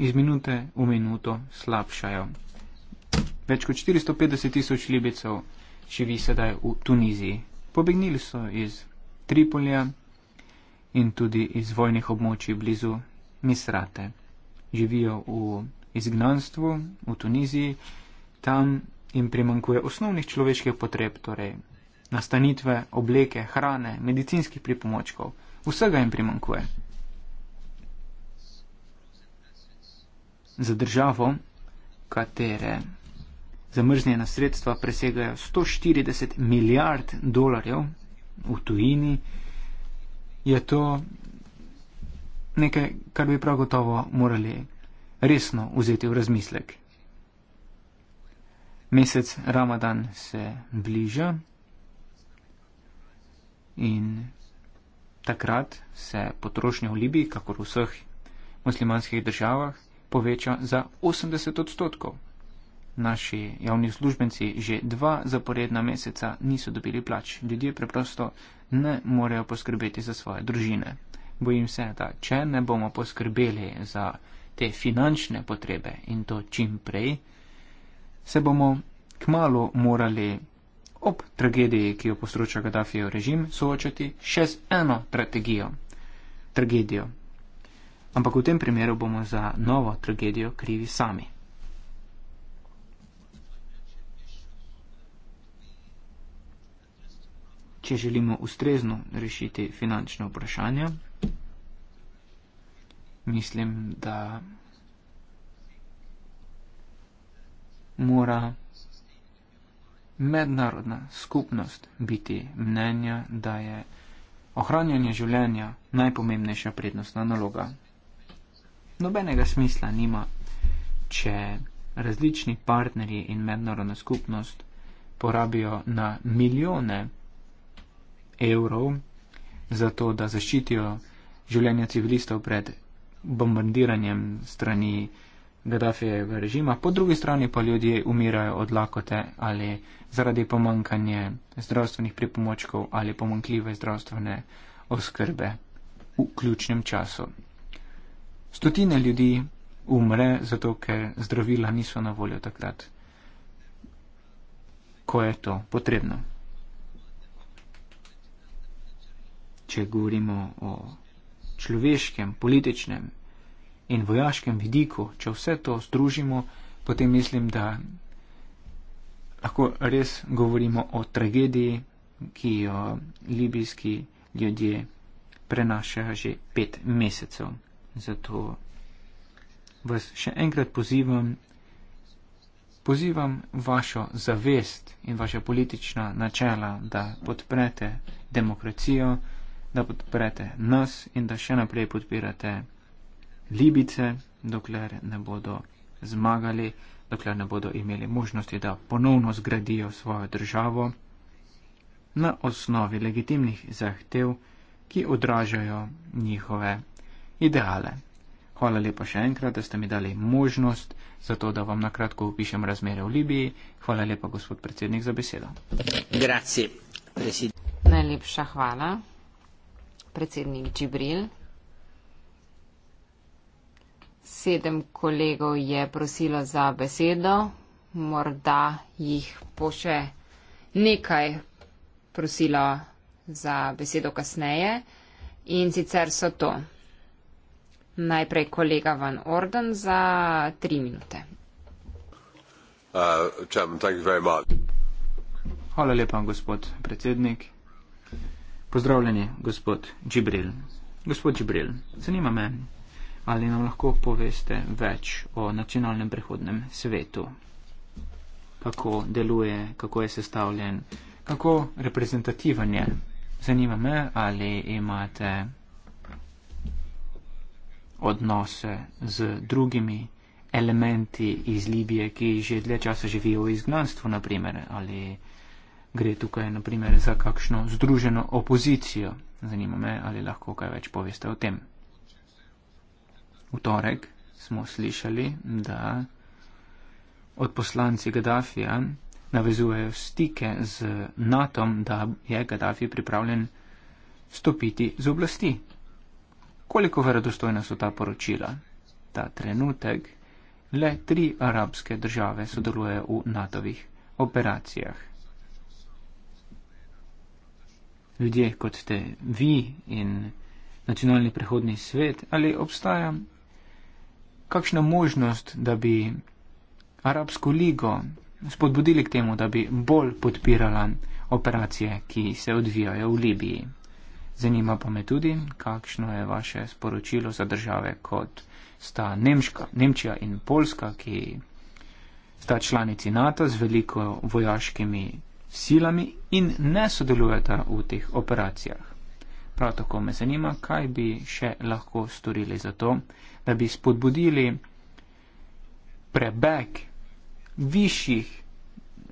iz minute v minuto slabšajo. Več kot 450 tisoč libicev živi sedaj v Tuniziji. Pobegnili so iz Tripolja in tudi iz vojnih območij blizu Misrate. Živijo v izgnanstvu v Tuniziji, tam jim primankuje osnovnih človeških potreb, torej nastanitve, obleke, hrane, medicinskih pripomočkov. Vsega jim primankuje. Za državo, katere zamrznjena sredstva presegajo 140 milijard dolarjev v tujini, je to nekaj, kar bi prav gotovo morali resno vzeti v razmislek. Mesec Ramadan se bliža. In takrat se potrošnja v Libiji, kako v vseh muslimanskih državah, poveča za 80 odstotkov. Naši javni službenci že dva zaporedna meseca niso dobili plač. Ljudje preprosto ne morejo poskrbeti za svoje družine. Bojim se, da če ne bomo poskrbeli za te finančne potrebe in to čim prej, se bomo kmalo morali ob tragediji, ki jo postroča Gaddafijev režim, soočati še z eno strategijo, tragedijo. Ampak v tem primeru bomo za novo tragedijo krivi sami. Če želimo ustrezno rešiti finančne vprašanja, mislim, da mora mednarodna skupnost biti mnenja, da je ohranjanje življenja najpomembnejša prednostna naloga. Nobenega smisla nima, če različni partnerji in mednarodna skupnost porabijo na milijone evrov za to, da zaščitijo življenja civilistov pred bombardiranjem strani Gaddafijevega režima, po drugi strani pa ljudje umirajo od lakote ali zaradi pomankanja zdravstvenih pripomočkov ali pomankljive zdravstvene oskrbe v ključnem času. Stotine ljudi umre zato, ker zdravila niso na voljo takrat, ko je to potrebno. Če govorimo o človeškem, političnem in vojaškem vidiku, če vse to združimo, potem mislim, da lahko res govorimo o tragediji, ki jo libijski ljudje prenašajo že pet mesecev. Zato vas še enkrat pozivam, pozivam vašo zavest in vaše politična načela, da podprete demokracijo, da podprete nas in da še naprej podpirate demokracijo. Libice, dokler ne bodo zmagali, dokler ne bodo imeli možnosti, da ponovno zgradijo svojo državo na osnovi legitimnih zahtev, ki odražajo njihove ideale. Hvala lepa še enkrat, da ste mi dali možnost za to, da vam nakratko opišem razmere v Libiji. Hvala lepa, gospod predsednik, za besedo. Grazie, predsednik. Najlepša hvala, predsednik Džibril. Sedem kolegov je prosilo za besedo, morda jih bo še nekaj prosilo za besedo kasneje. In sicer so to najprej kolega Van Orden za tri minute. Uh, Chairman, Hvala lepa, gospod predsednik. Pozdravljeni, gospod Džibril. Gospod Džibril, zanima me, ali nam lahko poveste več o nacionalnem prihodnem svetu, kako deluje, kako je sestavljen, kako reprezentativen je. Zanima me, ali imate odnose z drugimi elementi iz Libije, ki že dlje časa živijo v izgnanstvu, naprimer, ali gre tukaj, naprimer, za kakšno združeno opozicijo. Zanima me, ali lahko kaj več poveste o tem v torek smo slišali, da odposlanci Gaddafija navezujejo stike z NATO, da je Gaddafi pripravljen stopiti z oblasti. Koliko verodostojna so ta poročila? Ta trenutek le tri arabske države sodelujejo v NATO-vih operacijah. Ljudje kot ste vi in nacionalni prehodni svet ali obstaja kakšna možnost, da bi Arabsko ligo spodbudili k temu, da bi bolj podpirala operacije, ki se odvijajo v Libiji. Zanima pa me tudi, kakšno je vaše sporočilo za države, kot sta Nemška, Nemčija in Poljska, ki sta članici NATO z veliko vojaškimi silami in ne sodelujeta v teh operacijah. Prav tako me zanima, kaj bi še lahko storili za to, da bi spodbudili prebek višjih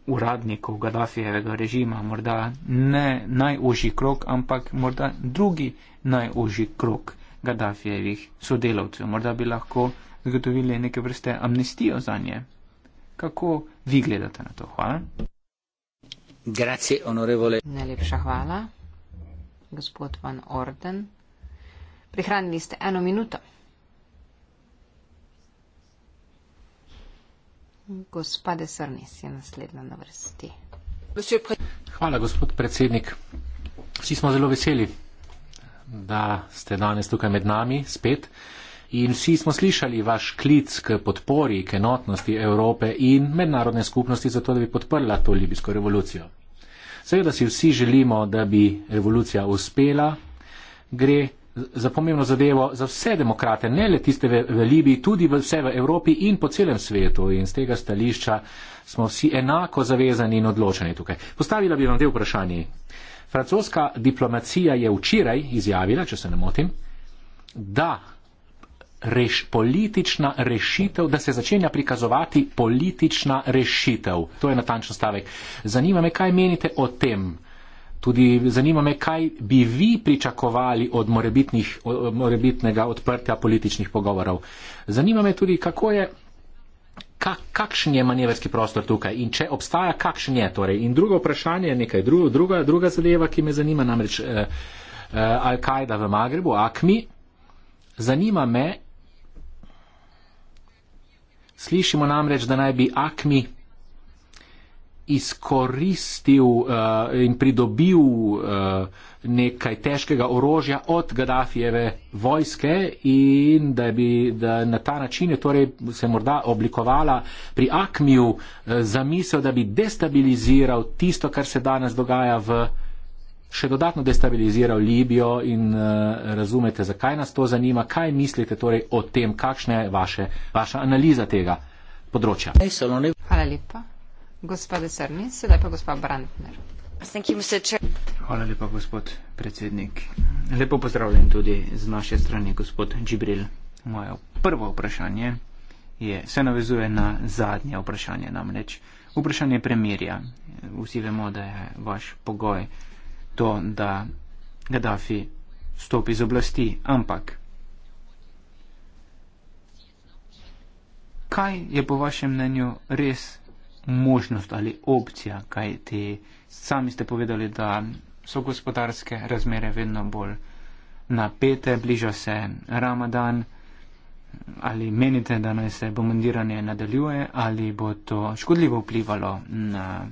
uradnikov Gaddafijevega režima, morda ne najožji krok, ampak morda drugi najožji krok Gaddafijevih sodelavcev. Morda bi lahko zagotovili neke vrste amnestijo za nje. Kako vi gledate na to? Hvala. Grazie, onorevole. Najlepša hvala, gospod Van Orden. Prihranili ste eno minuto. Gospode Srnis je naslednja na vrsti. Hvala, gospod predsednik. Vsi smo zelo veseli, da ste danes tukaj med nami spet. In vsi smo slišali vaš klic k podpori, k enotnosti Evrope in mednarodne skupnosti za to, da bi podprla to libijsko revolucijo. Seveda si vsi želimo, da bi revolucija uspela. Gre za pomembno zadevo za vse demokrate, ne le tiste v, v Libiji, tudi vse v Evropi in po celem svetu. In z tega stališča smo vsi enako zavezani in odločeni tukaj. Postavila bi vam dve vprašanje. Francoska diplomacija je včeraj izjavila, če se ne motim, da reš, politična rešitev, da se začenja prikazovati politična rešitev. To je natančen stavek. Zanima me, kaj menite o tem, Tudi zanima me, kaj bi vi pričakovali od morebitnega odprtja političnih pogovorov. Zanima me tudi, kako je. Kakšen je manevrski prostor tukaj in če obstaja, kakšen je torej? In drugo vprašanje, nekaj drugo, druga, druga zadeva, ki me zanima, namreč eh, eh Al-Kaida v Magrebu, Akmi, zanima me, slišimo namreč, da naj bi Akmi izkoristil uh, in pridobil uh, nekaj težkega orožja od Gaddafijeve vojske in da bi da na ta način torej se morda oblikovala pri Akmiju uh, zamisel, da bi destabiliziral tisto, kar se danes dogaja v še dodatno destabiliziral Libijo in uh, razumete, zakaj nas to zanima, kaj mislite torej o tem, kakšna je vaše, vaša analiza tega področja. Hvala lepa. Hvala lepa, gospod predsednik. Lepo pozdravljen tudi z naše strani, gospod Džibril. Moje prvo vprašanje je, se navezuje na zadnje vprašanje, namreč vprašanje premirja. Vsi vemo, da je vaš pogoj to, da Gaddafi stopi z oblasti, ampak kaj je po vašem mnenju res? možnost ali opcija, kaj ti sami ste povedali, da so gospodarske razmere vedno bolj napete, bliža se ramadan. Ali menite, da naj se bombardiranje nadaljuje ali bo to škodljivo vplivalo na.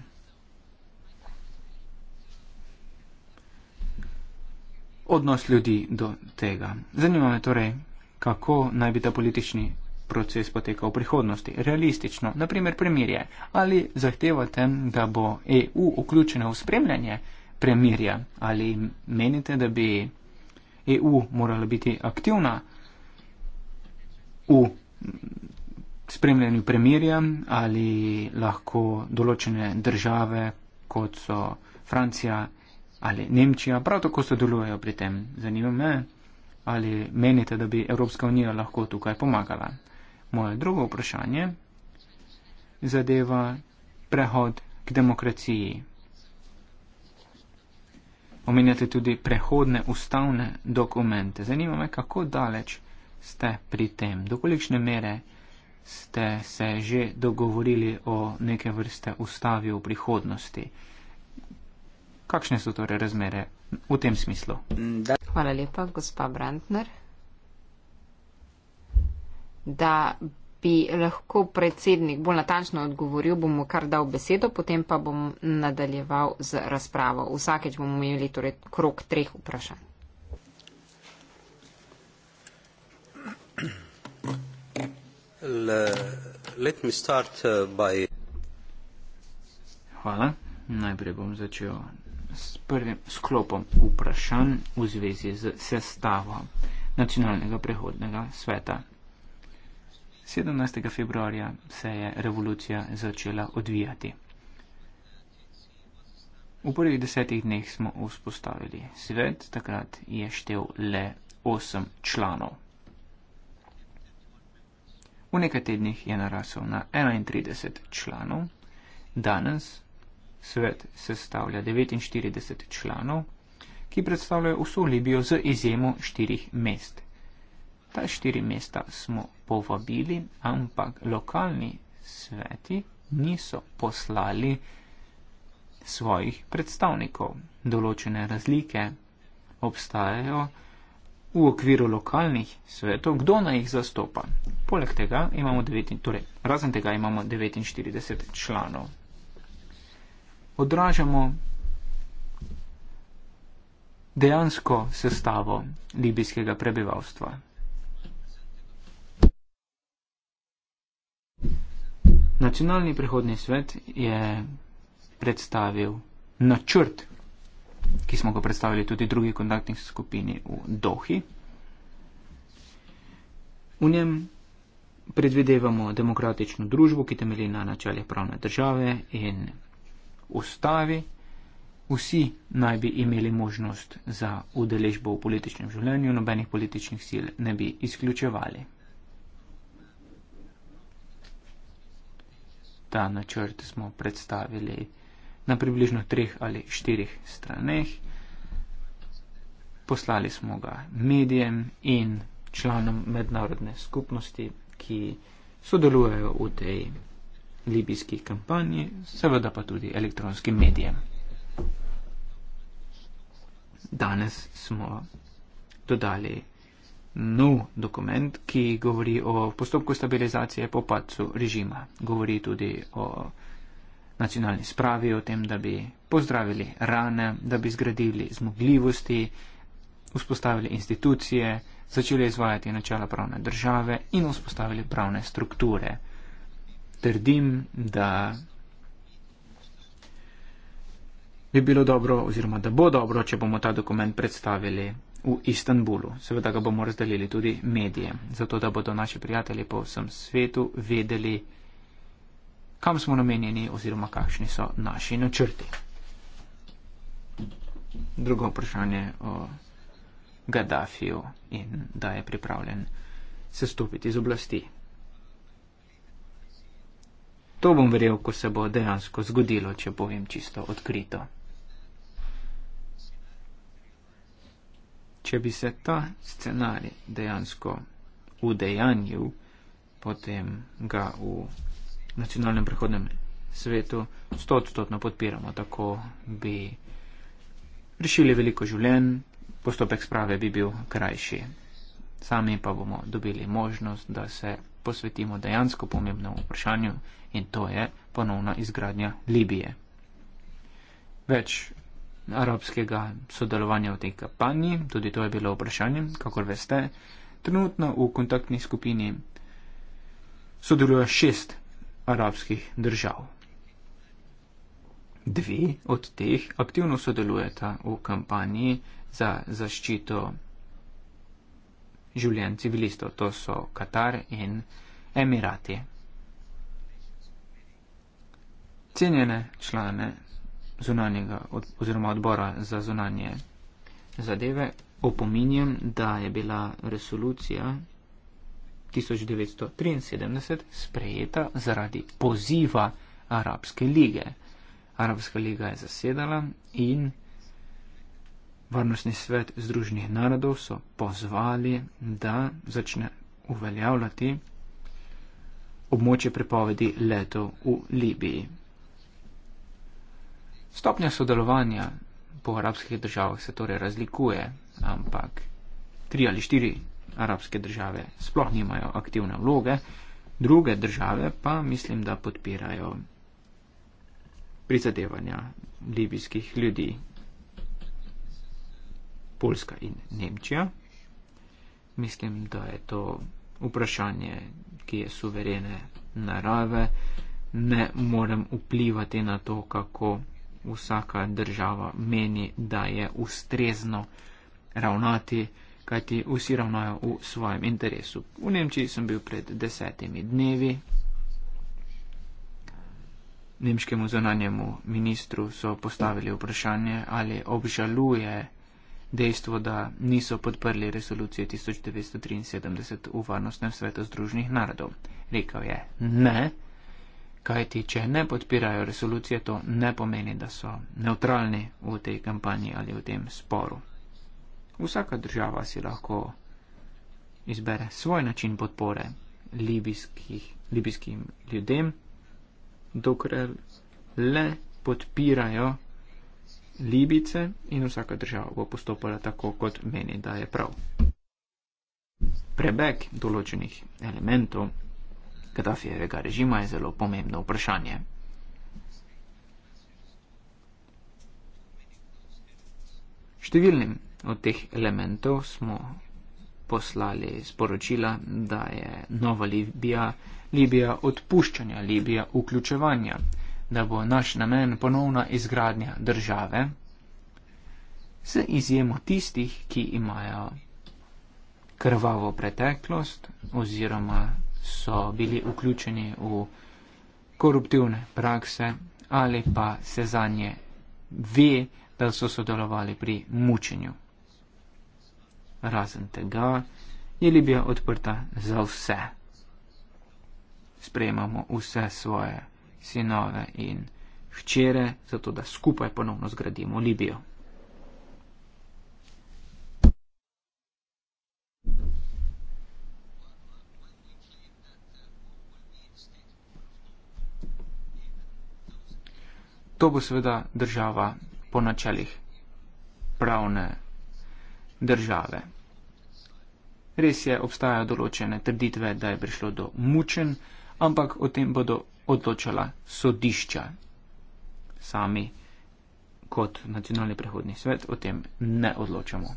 Odnos ljudi do tega. Zanima me torej, kako naj bi ta politični proces potekal v prihodnosti, realistično, naprimer premirje, ali zahtevate, da bo EU vključena v spremljanje premirja, ali menite, da bi EU morala biti aktivna v spremljanju premirja, ali lahko določene države, kot so Francija ali Nemčija, prav tako sodelujejo pri tem. Zanima me. Ali menite, da bi Evropska unija lahko tukaj pomagala? Moje drugo vprašanje zadeva prehod k demokraciji. Omenjate tudi prehodne ustavne dokumente. Zanima me, kako daleč ste pri tem, dokolikšne mere ste se že dogovorili o neke vrste ustavi v prihodnosti. Kakšne so torej razmere v tem smislu? Hvala lepa, gospa Brantner da bi lahko predsednik bolj natančno odgovoril, bom mu kar dal besedo, potem pa bom nadaljeval z razpravo. Vsakeč bomo imeli torej krok treh vprašanj. Let me start uh, by... Hvala. Najprej bom začel s prvim sklopom vprašanj v zvezi z sestavo nacionalnega prehodnega sveta. 17. februarja se je revolucija začela odvijati. V prvih desetih dneh smo vzpostavili svet, takrat je štev le osem članov. V nekaj tednih je narasel na 31 članov, danes svet sestavlja 49 članov, ki predstavljajo vso Libijo z izjemo štirih mest. Ta štiri mesta smo povabili, ampak lokalni sveti niso poslali svojih predstavnikov. Določene razlike obstajajo v okviru lokalnih svetov, kdo naj jih zastopa. Poleg tega imamo, 9, torej, razen tega imamo 49 članov. Odražamo dejansko sestavo libijskega prebivalstva. Nacionalni prihodni svet je predstavil načrt, ki smo ga predstavili tudi drugi kontaktni skupini v Dohi. V njem predvidevamo demokratično družbo, ki temelji na načelih pravne države in ustavi. Vsi naj bi imeli možnost za udeležbo v političnem življenju, nobenih političnih sil ne bi izključevali. ta načrt smo predstavili na približno treh ali štirih straneh. Poslali smo ga medijem in članom mednarodne skupnosti, ki sodelujejo v tej libijski kampanji, seveda pa tudi elektronskim medijem. Danes smo dodali nov dokument, ki govori o postopku stabilizacije po padcu režima. Govori tudi o nacionalni spravi, o tem, da bi pozdravili rane, da bi zgradili zmogljivosti, vzpostavili institucije, začeli izvajati načela pravne države in vzpostavili pravne strukture. Trdim, da bi bilo dobro oziroma da bo dobro, če bomo ta dokument predstavili v Istanbulu. Seveda ga bomo razdelili tudi medije, zato da bodo naši prijatelji po vsem svetu vedeli, kam smo namenjeni oziroma kakšni so naši načrti. Drugo vprašanje o Gaddafiju in da je pripravljen se stopiti iz oblasti. To bom verjel, ko se bo dejansko zgodilo, če povem čisto odkrito. če bi se ta scenarij dejansko udejanjil, potem ga v nacionalnem prihodnem svetu stotstotno podpiramo. Tako bi rešili veliko življenj, postopek sprave bi bil krajši. Sami pa bomo dobili možnost, da se posvetimo dejansko pomembnemu vprašanju in to je ponovna izgradnja Libije. Več arabskega sodelovanja v tej kampanji, tudi to je bilo vprašanje, kakor veste. Trenutno v kontaktni skupini sodeluje šest arabskih držav. Dve od teh aktivno sodelujeta v kampanji za zaščito življenj civilistov, to so Katar in Emirati. Cenjene člane zunanjega od, oziroma odbora za zunanje zadeve. Opominjam, da je bila resolucija 1973 sprejeta zaradi poziva Arabske lige. Arabska liga je zasedala in Varnostni svet Združenih narodov so pozvali, da začne uveljavljati območje prepovedi letov v Libiji. Stopnja sodelovanja po arabskih državah se torej razlikuje, ampak tri ali štiri arabske države sploh nimajo aktivne vloge, druge države pa mislim, da podpirajo prizadevanja libijskih ljudi. Polska in Nemčija. Mislim, da je to vprašanje, ki je suverene narave. Ne morem vplivati na to, kako vsaka država meni, da je ustrezno ravnati, kajti vsi ravnajo v svojem interesu. V Nemčiji sem bil pred desetimi dnevi. Nemškemu zunanjemu ministru so postavili vprašanje, ali obžaluje dejstvo, da niso podprli resolucije 1973 v Varnostnem svetu Združenih narodov. Rekel je ne kajti če ne podpirajo resolucije, to ne pomeni, da so neutralni v tej kampanji ali v tem sporu. Vsaka država si lahko izbere svoj način podpore libijskim ljudem, dokler le podpirajo Libice in vsaka država bo postopala tako, kot meni, da je prav. Prebek določenih elementov Gaddafijevega režima je zelo pomembno vprašanje. Številnim od teh elementov smo poslali sporočila, da je nova Libija, Libija odpuščanja, Libija vključevanja, da bo naš namen ponovna izgradnja države, z izjemo tistih, ki imajo krvavo preteklost oziroma so bili vključeni v koruptivne prakse ali pa se za nje ve, da so sodelovali pri mučenju. Razen tega je Libija odprta za vse. Sprejemamo vse svoje sinove in hčere, zato da skupaj ponovno zgradimo Libijo. to bo seveda država po načelih pravne države. Res je, obstajajo določene trditve, da je prišlo do mučen, ampak o tem bodo odločala sodišča. Sami kot nacionalni prehodni svet o tem ne odločamo.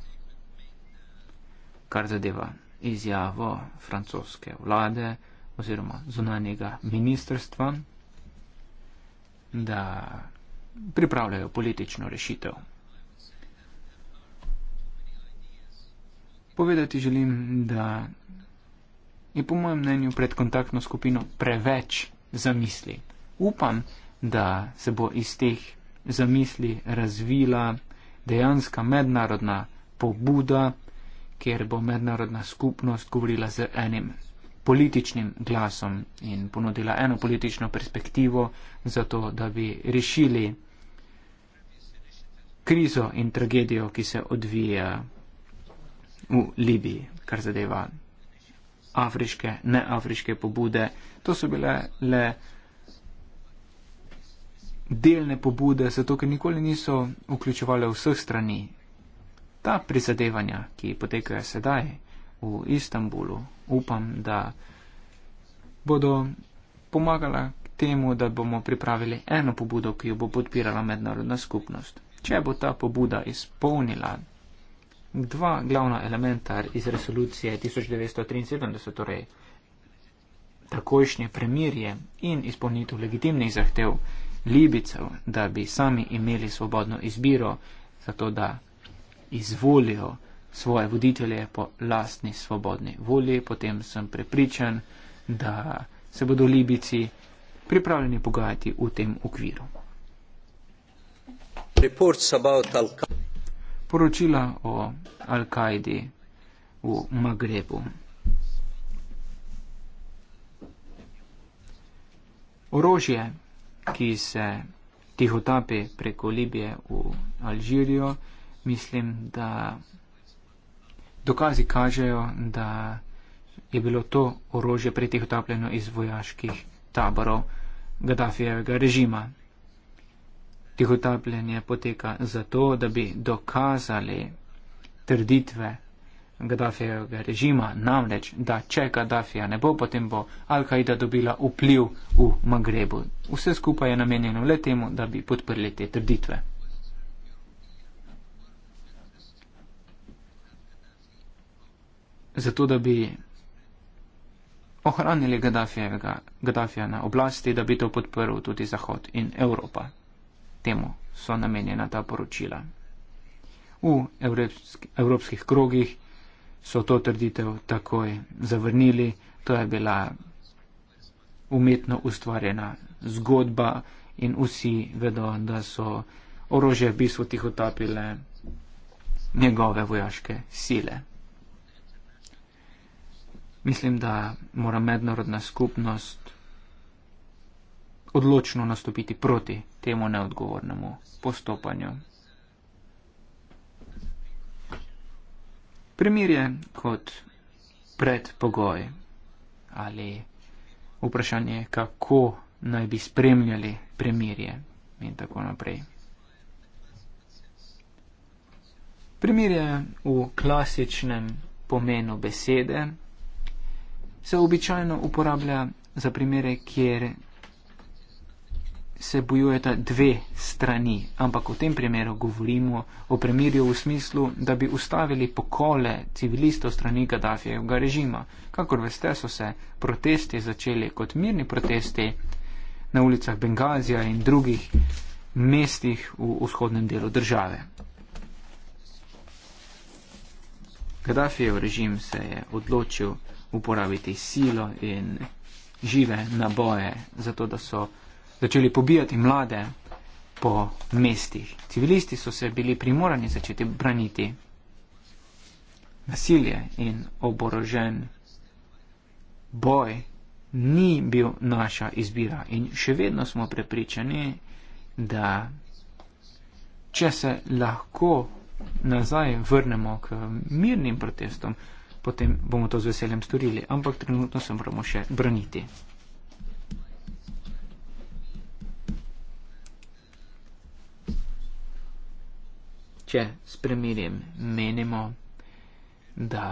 Kar zadeva izjavo francoske vlade oziroma zunanjega ministrstva, da pripravljajo politično rešitev. Povedati želim, da je po mojem mnenju pred kontaktno skupino preveč zamisli. Upam, da se bo iz teh zamisli razvila dejanska mednarodna pobuda, kjer bo mednarodna skupnost govorila z enim političnim glasom in ponudila eno politično perspektivo za to, da bi rešili krizo in tragedijo, ki se odvija v Libiji, kar zadeva afriške, neafriške pobude. To so bile le delne pobude, zato ker nikoli niso vključevale vseh strani. Ta prizadevanja, ki potekajo sedaj v Istanbulu, upam, da bodo pomagala temu, da bomo pripravili eno pobudo, ki jo bo podpirala mednarodna skupnost če bo ta pobuda izpolnila dva glavna elementa iz resolucije 1973, torej takojšnje premirje in izpolnitev legitimnih zahtev Libicev, da bi sami imeli svobodno izbiro, zato da izvolijo svoje voditelje po lastni svobodni volji, potem sem prepričan, da se bodo Libici pripravljeni pogajati v tem okviru. Poročila o Al-Kaidi v Magrebu. Orožje, ki se tihotapi preko Libije v Alžirijo, mislim, da dokazi kažejo, da je bilo to orožje pretihotapljeno iz vojaških taborov Gaddafijevega režima tihotapljenje poteka zato, da bi dokazali trditve Gaddafijevega režima, namreč, da če Gaddafija ne bo, potem bo Al-Kaida dobila vpliv v Magrebu. Vse skupaj je namenjeno le temu, da bi podprli te trditve. Zato, da bi ohranili Gaddafija na oblasti, da bi to podprl tudi Zahod in Evropa temu so namenjena ta poročila. V evropski, evropskih krogih so to trditev takoj zavrnili, to je bila umetno ustvarjena zgodba in vsi vedo, da so orožje v bistvu tih utapile njegove vojaške sile. Mislim, da mora mednarodna skupnost odločno nastopiti proti temu neodgovornemu postopanju. Primer je kot predpogoj ali vprašanje, kako naj bi spremljali primerje in tako naprej. Primer je v klasičnem pomenu besede, se običajno uporablja za primere, kjer se bojujeta dve strani, ampak v tem primeru govorimo o premirju v smislu, da bi ustavili pokole civilistov strani Gaddafijevega režima. Kakor veste, so se protesti začeli kot mirni protesti na ulicah Bengazija in drugih mestih v vzhodnem delu države. Gaddafijev režim se je odločil uporabiti silo in žive naboje, zato da so začeli pobijati mlade po mestih. Civilisti so se bili primorani začeti braniti nasilje in oborožen boj ni bil naša izbira in še vedno smo prepričani, da če se lahko nazaj vrnemo k mirnim protestom, potem bomo to z veseljem storili, ampak trenutno se moramo še braniti. če s premirjem menimo, da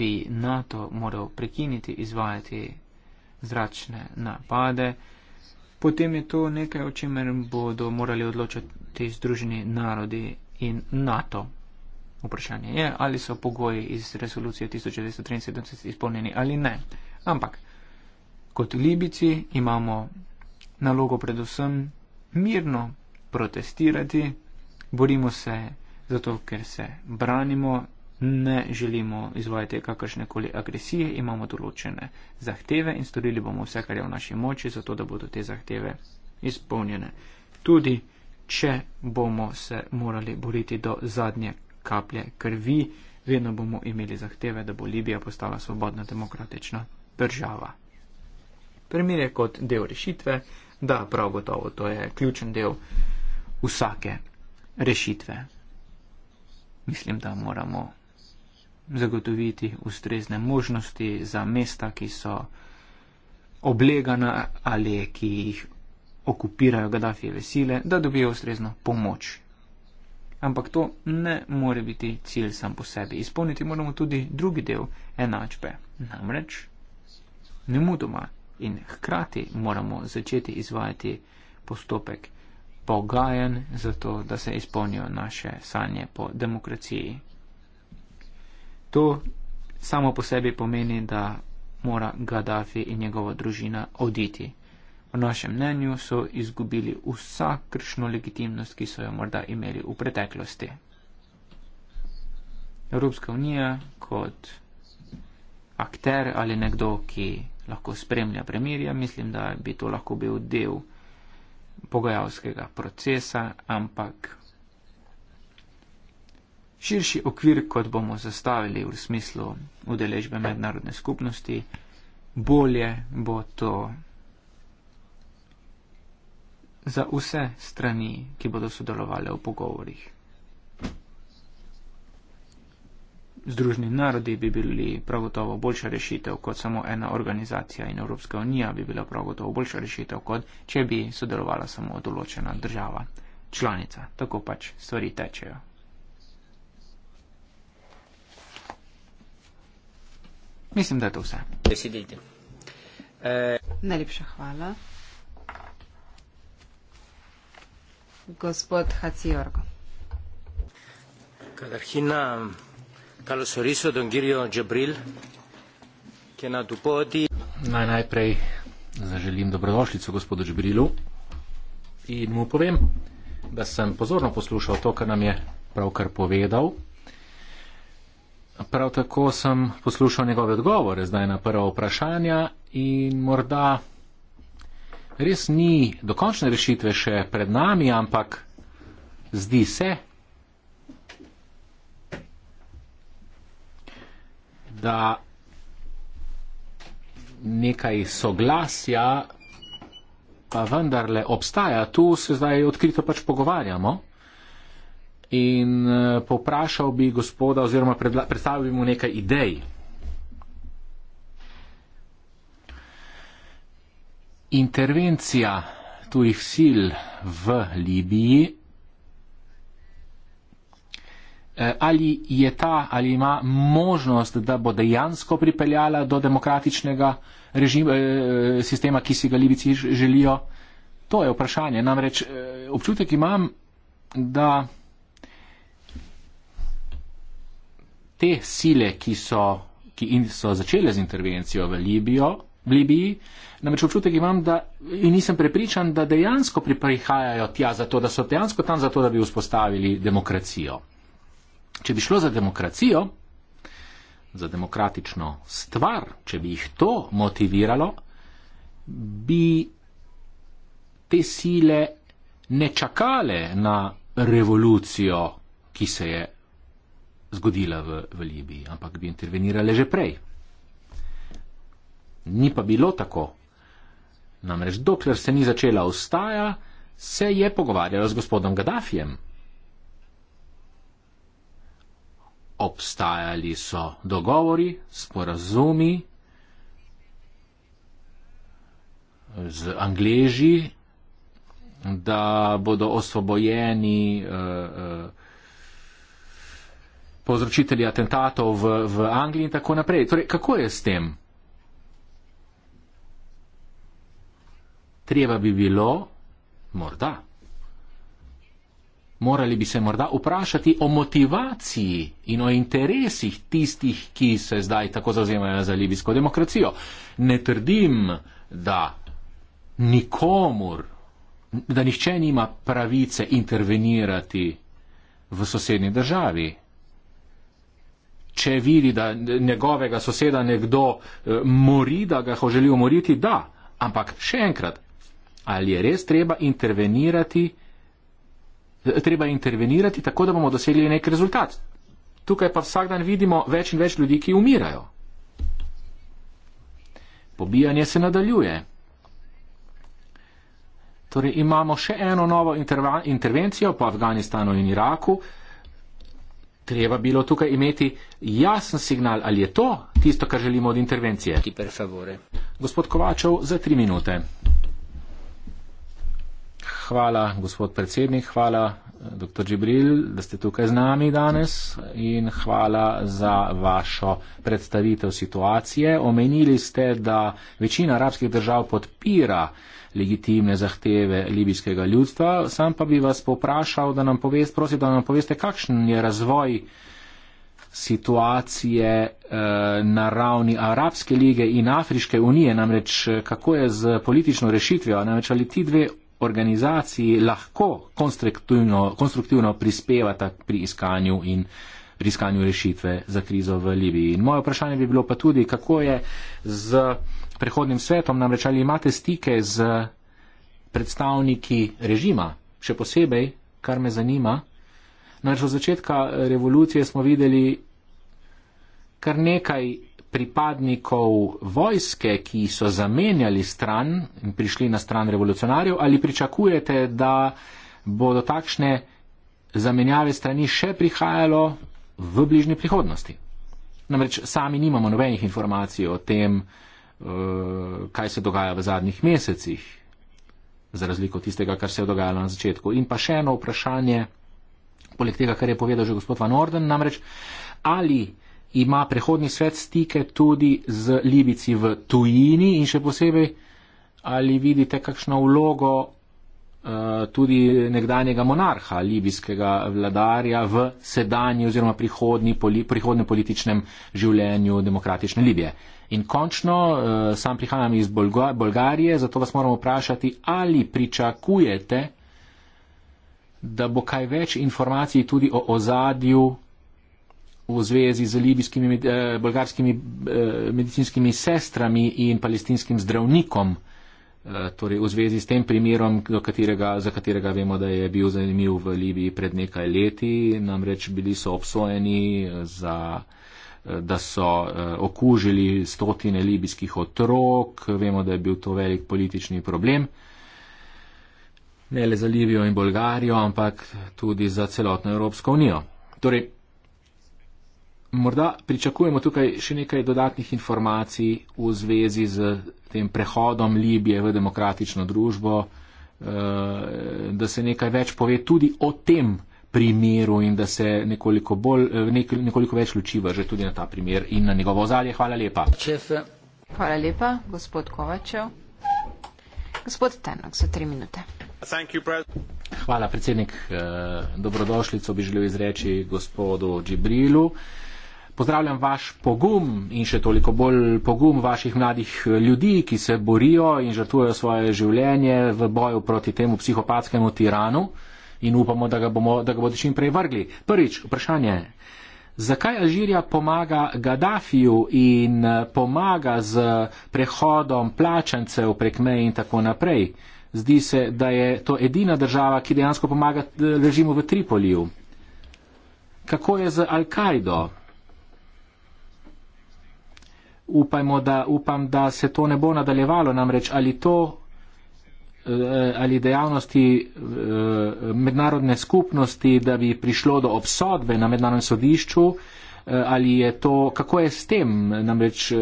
bi NATO moral prekiniti izvajati zračne napade, potem je to nekaj, o čemer bodo morali odločati združeni narodi in NATO. Vprašanje je, ali so pogoji iz resolucije 1973 izpolnjeni ali ne. Ampak kot Libici imamo nalogo predvsem mirno protestirati, Borimo se zato, ker se branimo, ne želimo izvajati kakršne koli agresije, imamo določene zahteve in storili bomo vse, kar je v naši moči, zato da bodo te zahteve izpolnjene. Tudi, če bomo se morali boriti do zadnje kaplje krvi, vedno bomo imeli zahteve, da bo Libija postala svobodna demokratična država. Primer je kot del rešitve, da prav gotovo to je ključen del vsake rešitve. Mislim, da moramo zagotoviti ustrezne možnosti za mesta, ki so oblegana ali ki jih okupirajo Gaddafijeve sile, da dobijo ustrezno pomoč. Ampak to ne more biti cilj sam po sebi. Izpolniti moramo tudi drugi del enačbe. Namreč, ne mudoma in hkrati moramo začeti izvajati postopek pogajen za to, da se izpolnijo naše sanje po demokraciji. To samo po sebi pomeni, da mora Gaddafi in njegova družina oditi. Po našem mnenju so izgubili vsakršno legitimnost, ki so jo morda imeli v preteklosti. Evropska unija kot akter ali nekdo, ki lahko spremlja premirja, mislim, da bi to lahko bil del pogajalskega procesa, ampak širši okvir, kot bomo zastavili v smislu udeležbe mednarodne skupnosti, bolje bo to za vse strani, ki bodo sodelovali v pogovorih. Združeni narodi bi bili prav gotovo boljša rešitev kot samo ena organizacija in Evropska unija bi bila prav gotovo boljša rešitev kot, če bi sodelovala samo določena država, članica. Tako pač stvari tečejo. Mislim, da je to vse. Besedite. E... Eh. Najlepša hvala. Gospod Hacijorgo. Kadar hinam. Carlos Soriso, Don Girjo Džabril, ki je na tu poti. Naj najprej zaželim dobrodošlico gospodu Džabrilu in mu povem, da sem pozorno poslušal to, kar nam je pravkar povedal. Prav tako sem poslušal njegove odgovore zdaj na prva vprašanja in morda res ni dokončne rešitve še pred nami, ampak zdi se, da nekaj soglasja pa vendarle obstaja. Tu se zdaj odkrito pač pogovarjamo. In eh, poprašal bi gospoda oziroma predstavil bi mu nekaj idej. Intervencija tujih sil v Libiji Eh, ali je ta, ali ima možnost, da bo dejansko pripeljala do demokratičnega režima, eh, sistema, ki si ga Libici želijo. To je vprašanje. Namreč eh, občutek imam, da te sile, ki so, ki so začele z intervencijo v Libijo, v Libiji, namreč občutek imam, da in nisem prepričan, da dejansko prihajajo tja zato, da so dejansko tam zato, da bi vzpostavili demokracijo. Če bi šlo za demokracijo, za demokratično stvar, če bi jih to motiviralo, bi te sile ne čakale na revolucijo, ki se je zgodila v, v Libiji, ampak bi intervenirale že prej. Ni pa bilo tako. Namreč, dokler se ni začela ustaja, se je pogovarjala z gospodom Gaddafijem, obstajali so dogovori, sporazumi z Angleži, da bodo osvobojeni eh, eh, povzročitelji atentatov v, v Angliji in tako naprej. Torej, kako je s tem? Treba bi bilo, morda, Morali bi se morda vprašati o motivaciji in o interesih tistih, ki se zdaj tako zauzemajo za libijsko demokracijo. Ne trdim, da nikomur, da nihče nima pravice intervenirati v sosednji državi. Če vidi, da njegovega soseda nekdo eh, mori, da ga hoželi umoriti, da. Ampak še enkrat, ali je res treba intervenirati? treba intervenirati, tako da bomo dosegli nek rezultat. Tukaj pa vsak dan vidimo več in več ljudi, ki umirajo. Pobijanje se nadaljuje. Torej imamo še eno novo intervencijo po Afganistanu in Iraku. Treba bilo tukaj imeti jasen signal, ali je to tisto, kar želimo od intervencije. Gospod Kovačev, za tri minute hvala, gospod predsednik, hvala, dr. Džibril, da ste tukaj z nami danes in hvala za vašo predstavitev situacije. Omenili ste, da večina arabskih držav podpira legitimne zahteve libijskega ljudstva. Sam pa bi vas poprašal, da nam poveste, prosim, da nam poveste, kakšen je razvoj situacije eh, na ravni Arabske lige in Afriške unije, namreč eh, kako je z politično rešitvijo, namreč ali ti dve organizaciji lahko konstruktivno, konstruktivno prispevata pri iskanju in pri iskanju rešitve za krizo v Libiji. In moje vprašanje bi bilo pa tudi, kako je z prehodnim svetom, namreč ali imate stike z predstavniki režima, še posebej, kar me zanima. Namreč od začetka revolucije smo videli kar nekaj pripadnikov vojske, ki so zamenjali stran in prišli na stran revolucionarjev, ali pričakujete, da bodo takšne zamenjave strani še prihajalo v bližnji prihodnosti? Namreč sami nimamo nobenih informacij o tem, eh, kaj se dogaja v zadnjih mesecih, za razliko od tistega, kar se je dogajalo na začetku. In pa še eno vprašanje, poleg tega, kar je povedal že gospod Van Orden, namreč ali ima prehodni svet stike tudi z Libici v tujini in še posebej, ali vidite kakšno vlogo uh, tudi nekdanjega monarha, libijskega vladarja v sedanji oziroma prihodni, poli, prihodni političnem življenju demokratične Libije. In končno, uh, sam prihajam iz Bolga, Bolgarije, zato vas moramo vprašati, ali pričakujete, da bo kaj več informacij tudi o ozadju v zvezi z libijskimi, eh, bolgarskimi eh, medicinskimi sestrami in palestinskim zdravnikom, eh, torej v zvezi s tem primerom, katerega, za katerega vemo, da je bil zanimiv v Libiji pred nekaj leti, namreč bili so obsojeni eh, za eh, da so eh, okužili stotine libijskih otrok, vemo, da je bil to velik politični problem, ne le za Libijo in Bolgarijo, ampak tudi za celotno Evropsko unijo. Torej, Morda pričakujemo tukaj še nekaj dodatnih informacij v zvezi z tem prehodom Libije v demokratično družbo, eh, da se nekaj več pove tudi o tem primeru in da se nekoliko, bolj, eh, nekoliko več luči vrže tudi na ta primer in na njegovo ozadje. Hvala lepa. Hvala lepa, gospod Kovačev. Gospod Tenok, za tri minute. Hvala, predsednik. Eh, dobrodošlico bi želel izreči gospodu Džibrilu. Pozdravljam vaš pogum in še toliko bolj pogum vaših mladih eh, ljudi, ki se borijo in žrtvujejo svoje življenje v boju proti temu psihopatskemu tiranu in upamo, da ga, bomo, da ga bodo čim prej vrgli. Prvič, vprašanje. Zakaj Alžirija pomaga Gaddafiju in eh, pomaga z prehodom plačancev prek meje in tako naprej? Zdi se, da je to edina država, ki dejansko pomaga eh, režimu v Tripoliju. Kako je z Al-Kaido? upajmo, da upam, da se to ne bo nadaljevalo, namreč ali to eh, ali dejavnosti eh, mednarodne skupnosti, da bi prišlo do obsodbe na mednarodnem sodišču, eh, ali je to, kako je s tem, namreč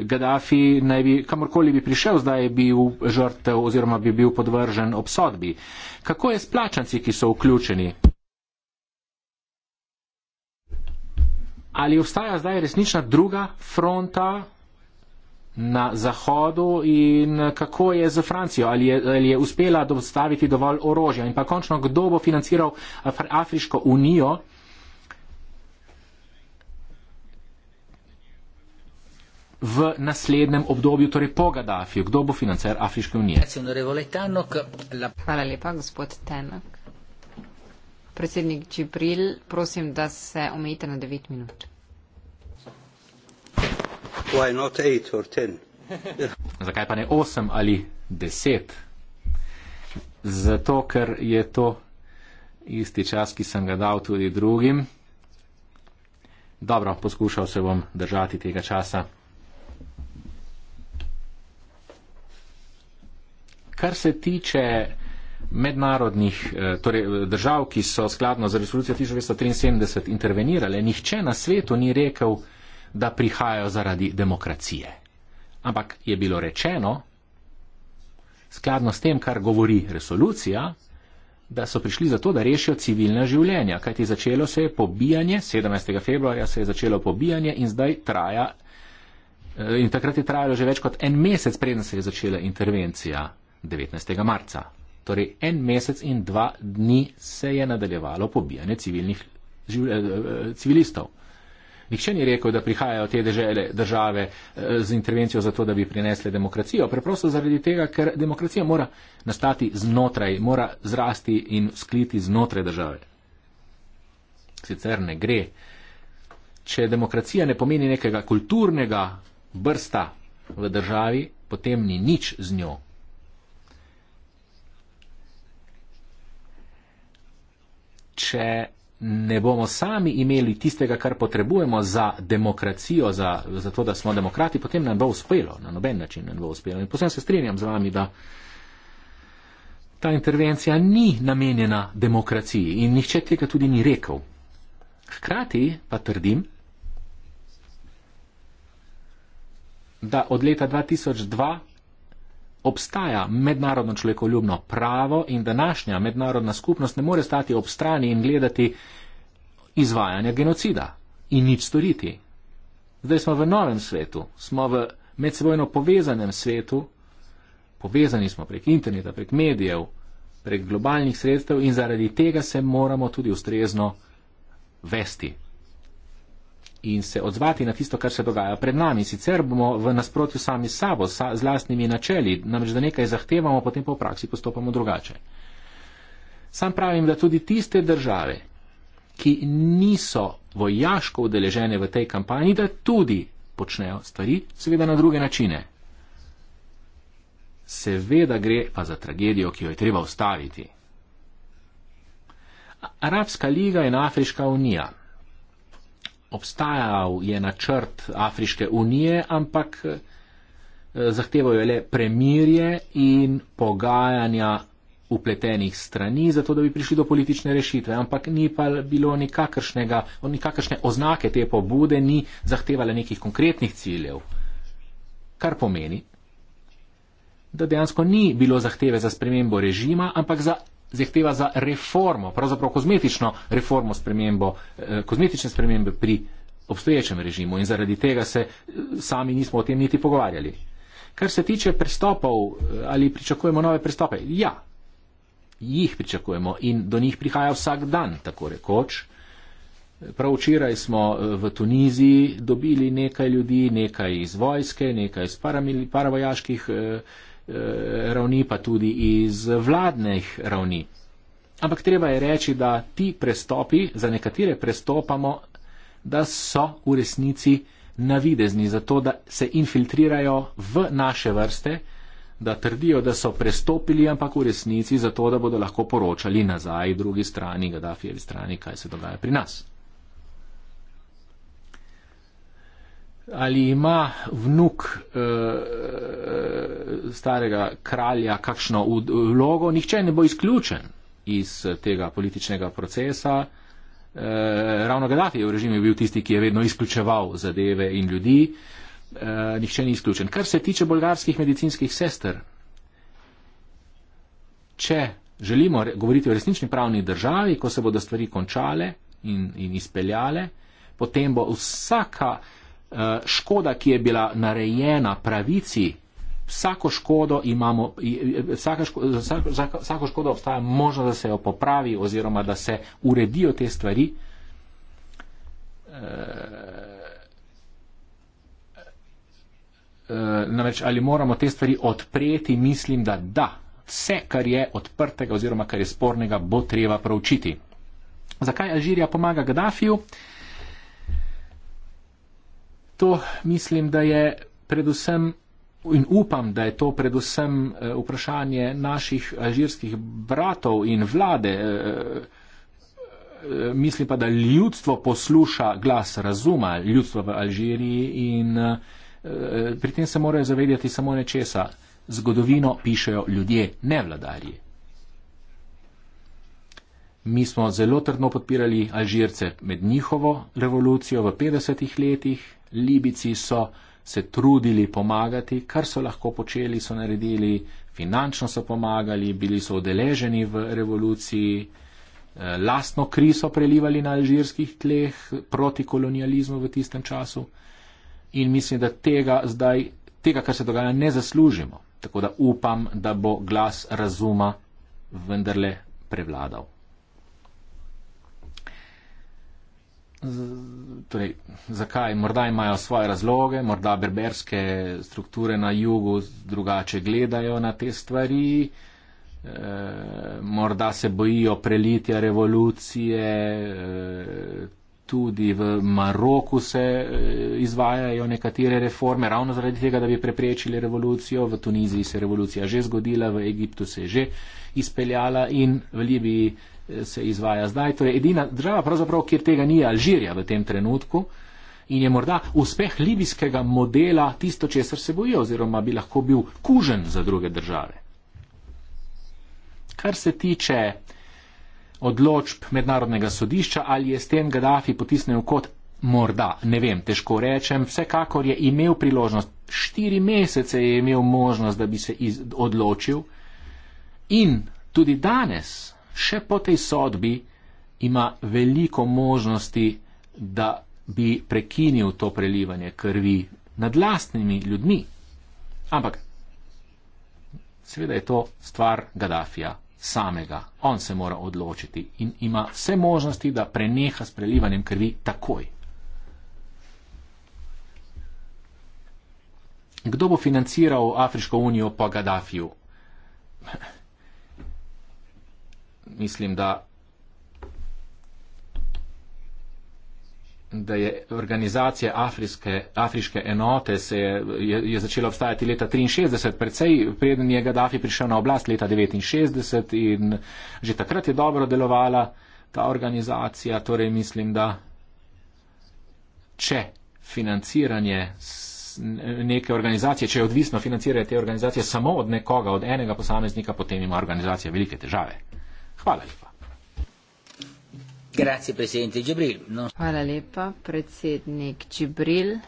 Gaddafi naj bi, kamorkoli bi prišel, zdaj je bil žrtev oziroma bi bil podvržen obsodbi. Kako je s plačanci, ki so vključeni? ali obstaja zdaj resnična druga fronta na zahodu in kako je z Francijo, ali je, ali je uspela dostaviti dovolj orožja in pa končno, kdo bo financiral Afri Afriško unijo. v naslednjem obdobju, torej po Gaddafiju. Kdo bo financer Afriške unije? Hvala lepa, gospod Tenak. Predsednik Čibril, prosim, da se omejite na 9 minut. Zakaj pa ne 8 ali 10? Zato, ker je to isti čas, ki sem ga dal tudi drugim. Dobro, poskušal se bom držati tega časa. Kar se tiče mednarodnih eh, torej eh, držav, ki so skladno z resolucijo 1973 intervenirale, nihče na svetu ni rekel, da prihajajo zaradi demokracije. Ampak je bilo rečeno, skladno s tem, kar govori resolucija, da so prišli zato, da rešijo civilna življenja, kajti začelo se je pobijanje, 17. februarja se je začelo pobijanje in zdaj traja, eh, in takrat je trajalo že več kot en mesec, preden se je začela intervencija 19. marca. Torej, en mesec in dva dni se je nadaljevalo pobijanje civilnih, eh, eh, civilistov. Nihče ni rekel, da prihajajo te dežele, države eh, z intervencijo zato, da bi prinesle demokracijo. Preprosto zaradi tega, ker demokracija mora nastati znotraj, mora zrasti in skliti znotraj države. Sicer ne gre. Če demokracija ne pomeni nekega kulturnega brsta v državi, potem ni nič z njo. če ne bomo sami imeli tistega, kar potrebujemo za demokracijo, za, za to, da smo demokrati, potem nam bo uspelo, na noben način nam bo uspelo. In posebno se strinjam z vami, da ta intervencija ni namenjena demokraciji in nihče tega tudi ni rekel. Hkrati pa trdim, da od leta 2002 obstaja mednarodno človekoljubno pravo in današnja mednarodna skupnost ne more stati ob strani in gledati izvajanja genocida in nič storiti. Zdaj smo v novem svetu, smo v medsebojno povezanem svetu, povezani smo prek interneta, prek medijev, prek globalnih sredstev in zaradi tega se moramo tudi ustrezno vesti in se odzvati na tisto, kar se dogaja pred nami. Sicer bomo v nasprotju sami s sabo, sa, z lastnimi načeli, namreč da nekaj zahtevamo, potem pa v praksi postopamo drugače. Sam pravim, da tudi tiste države, ki niso vojaško udeležene v tej kampanji, da tudi počnejo stvari, seveda na druge načine. Seveda gre pa za tragedijo, ki jo je treba ustaviti. Arabska liga in Afriška unija obstajal je načrt Afriške unije, ampak eh, zahtevajo le premirje in pogajanja upletenih strani, zato da bi prišli do politične rešitve. Ampak ni pa bilo nikakršnega, nikakršne oznake te pobude, ni zahtevala nekih konkretnih ciljev. Kar pomeni, da dejansko ni bilo zahteve za spremembo režima, ampak za zahteva za reformo, pravzaprav kozmetično reformo, spremembo, eh, kozmetične spremembe pri obstoječem režimu in zaradi tega se eh, sami nismo o tem niti pogovarjali. Kar se tiče prestopov, eh, ali pričakujemo nove prestope? Ja, jih pričakujemo in do njih prihaja vsak dan, tako rekoč. Prav včeraj smo v Tuniziji dobili nekaj ljudi, nekaj iz vojske, nekaj iz paravojaških. Para Eh, ravni, pa tudi iz vladnih ravni. Ampak treba je reči, da ti prestopi, za nekatere prestopamo, da so v resnici navidezni, zato da se infiltrirajo v naše vrste, da trdijo, da so prestopili, ampak v resnici zato, da bodo lahko poročali nazaj drugi strani, Gaddafijevi strani, kaj se dogaja pri nas. ali ima vnuk uh, starega kralja kakšno vlogo, nihče ne bo izključen iz eh, tega političnega procesa. Uh, ravno Gaddafi je v režimu bil tisti, ki je vedno izključeval zadeve in ljudi. Uh, nihče ni izključen. Kar se tiče bolgarskih medicinskih sester, če želimo govoriti o resnični pravni državi, ko se bodo stvari končale in, in izpeljale, potem bo vsaka uh, Eh, škoda, ki je bila narejena pravici, vsako škodo imamo, vsaka škoda, vsako, vsako škodo obstaja možnost, da se jo popravi oziroma da se uredijo te stvari. Eh, eh, namreč ali moramo te stvari odpreti, mislim, da da. Vse, kar je odprtega oziroma kar je spornega, bo treba pravčiti. Zakaj Alžirija pomaga Gaddafiju? Uh, To mislim, da je predvsem in upam, da je to predvsem eh, vprašanje naših alžirskih bratov in vlade. Eh, eh, mislim pa, da ljudstvo posluša glas razuma, ljudstvo v Alžiriji in pri tem se morajo zavedati samo nečesa. Zgodovino pišejo ljudje, ne vladarji. Mi smo zelo trdno podpirali Alžirce med njihovo revolucijo v 50-ih letih Libici so se trudili pomagati, kar so lahko počeli, so naredili, finančno so pomagali, bili so odeleženi v revoluciji, eh, lastno kri so prelivali na alžirskih tleh proti kolonializmu v tistem času in mislim, da tega zdaj, tega, kar se dogaja, ne zaslužimo. Tako da upam, da bo glas razuma vendarle prevladal. torej, zakaj, morda imajo svoje razloge, morda berberske strukture na jugu drugače gledajo na te stvari, e, morda se bojijo prelitja revolucije, e, tudi v Maroku se eh, izvajajo nekatere reforme, ravno zaradi tega, da bi preprečili revolucijo, v Tuniziji se revolucija že zgodila, v Egiptu se je že izpeljala in v Libiji se izvaja zdaj. Torej, edina država, pravzaprav, kjer tega ni, je Alžirija v tem trenutku in je morda uspeh libijskega modela tisto, česar se bojijo, oziroma bi lahko bil kužen za druge države. Kar se tiče odločb mednarodnega sodišča, ali je s tem Gaddafi potisnil kot morda, ne vem, težko rečem, vsekakor je imel priložnost, štiri mesece je imel možnost, da bi se iz, odločil in tudi danes še po tej sodbi ima veliko možnosti, da bi prekinil to prelivanje krvi nad lastnimi ljudmi. Ampak seveda je to stvar Gaddafija samega. On se mora odločiti in ima vse možnosti, da preneha s prelivanjem krvi takoj. Kdo bo financiral Afriško unijo po Gaddafiju? mislim, da, da je organizacija Afriske, Afriške enote se je, je, je začela obstajati leta 63, predvsej preden je Gaddafi prišel na oblast leta 69 in že takrat je dobro delovala ta organizacija, torej mislim, da če financiranje neke organizacije, če je odvisno financiranje te organizacije samo od nekoga, od enega posameznika, potem ima organizacija velike težave. Hvala lepa. Grazie, predsednik Džibril. No. Hvala lepa, predsednik Džibril.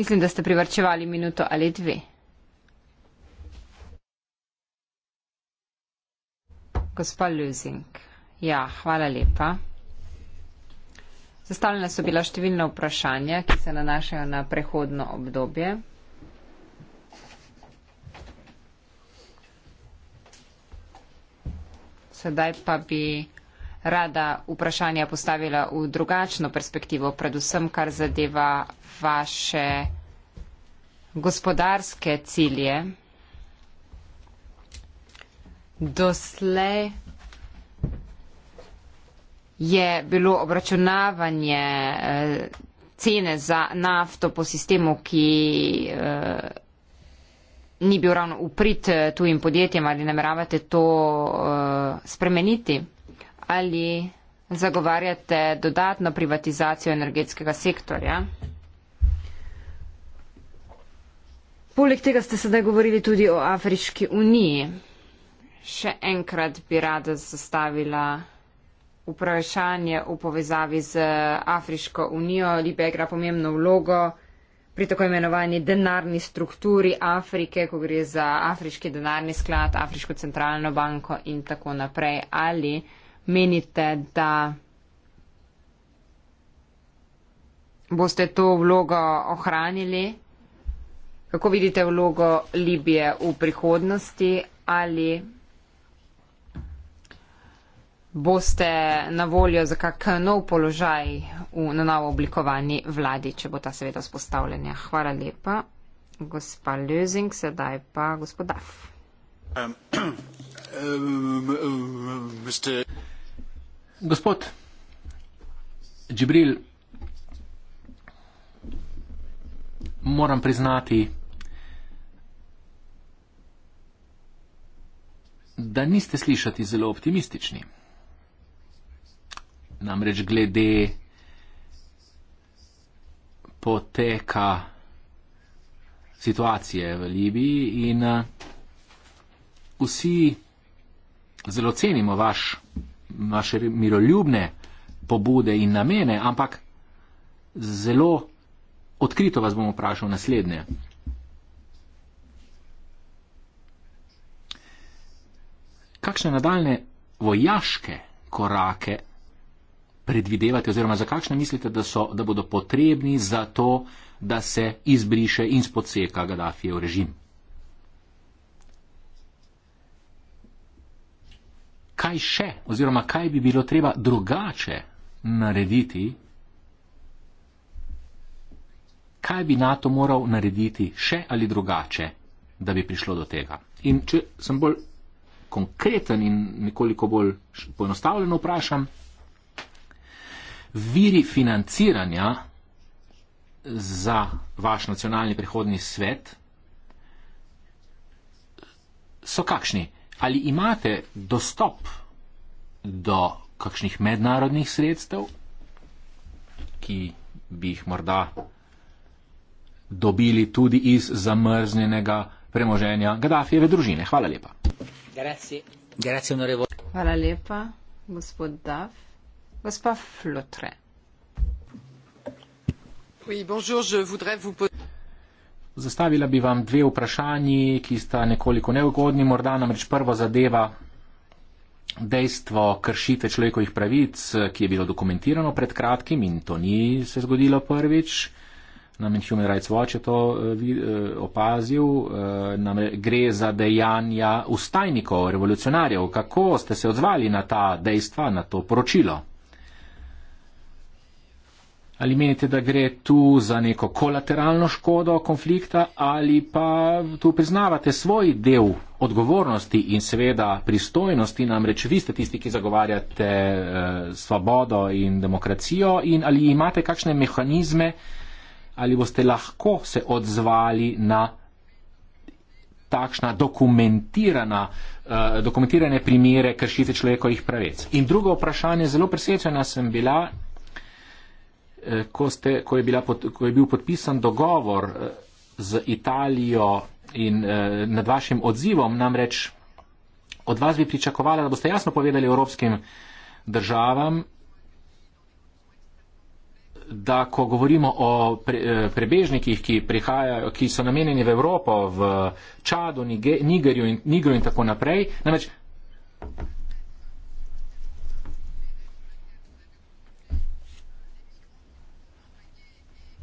Mislim, da ste privrčevali minuto ali dve. Gospa Ljuzink, ja, hvala lepa. Zastavljena so bila številna vprašanja, ki se nanašajo na prehodno obdobje. Sedaj pa bi rada vprašanja postavila v drugačno perspektivo, predvsem kar zadeva vaše gospodarske cilje. Doslej je bilo obračunavanje eh, cene za nafto po sistemu, ki eh, ni bil ravno uprit eh, tujim podjetjem, ali nameravate to uh, spremeniti, ali zagovarjate dodatno privatizacijo energetskega sektorja. Poleg tega ste sedaj govorili tudi o Afriški uniji. Še enkrat bi rada zastavila vprašanje v povezavi z Afriško unijo. Libe igra pomembno vlogo pri tako imenovani denarni strukturi Afrike, ko gre za afriški denarni sklad, afriško centralno banko in tako naprej. Ali menite, da boste to vlogo ohranili? Kako vidite vlogo Libije v prihodnosti? Ali boste na voljo za kak nov položaj v, na novo oblikovani vladi, če bo ta seveda spostavljena. Hvala lepa, gospa Lezing, sedaj pa gospod Daf. Um, um, um gospod Džibril, moram priznati, da niste slišati zelo optimistični namreč glede poteka situacije v Libiji in eh, vsi zelo cenimo vaš, vaše miroljubne pobude in namene, ampak zelo odkrito vas bom vprašal naslednje. Kakšne nadaljne vojaške korake predvidevate oziroma za kakšne mislite, da, so, da bodo potrebni za to, da se izbriše in spodseka Gaddafijev režim? Kaj še oziroma kaj bi bilo treba drugače narediti? Kaj bi NATO moral narediti še ali drugače, da bi prišlo do tega? In če sem bolj konkreten in nekoliko bolj poenostavljen, vprašam, viri financiranja za vaš nacionalni prihodni svet so kakšni? Ali imate dostop do kakšnih mednarodnih sredstev, ki bi jih morda dobili tudi iz zamrznjenega premoženja Gaddafijeve družine? Hvala lepa. Grazie. Grazie, Hvala lepa, gospod Daf gospa Flotre. Zastavila bi vam dve vprašanji, ki sta nekoliko neugodni, morda namreč prvo zadeva dejstvo kršite človekovih pravic, ki je bilo dokumentirano pred kratkim in to ni se zgodilo prvič. Namen Human Rights Watch je to eh, eh, opazil, eh, Namre, gre za dejanja ustajnikov, revolucionarjev. Kako ste se odzvali na ta dejstva, na to poročilo? Ali menite, da gre tu za neko kolateralno škodo konflikta ali pa tu priznavate svoj del odgovornosti in seveda pristojnosti, namreč vi ste tisti, ki zagovarjate eh, svobodo in demokracijo in ali imate kakšne mehanizme ali boste lahko se odzvali na takšna dokumentirana, eh, dokumentirane primere kršitev človekovih pravic. In drugo vprašanje, zelo presečena sem bila Eh, ko, ste, ko, je bila, ko je bil podpisan dogovor eh, z Italijo in eh, nad vašim odzivom, namreč od vas bi pričakovala, da boste jasno povedali evropskim državam, da ko govorimo o prebežnikih, ki, prihajajo, ki so namenjeni v Evropo, v Čadu, Nigerju in, Nigerju in tako naprej, namreč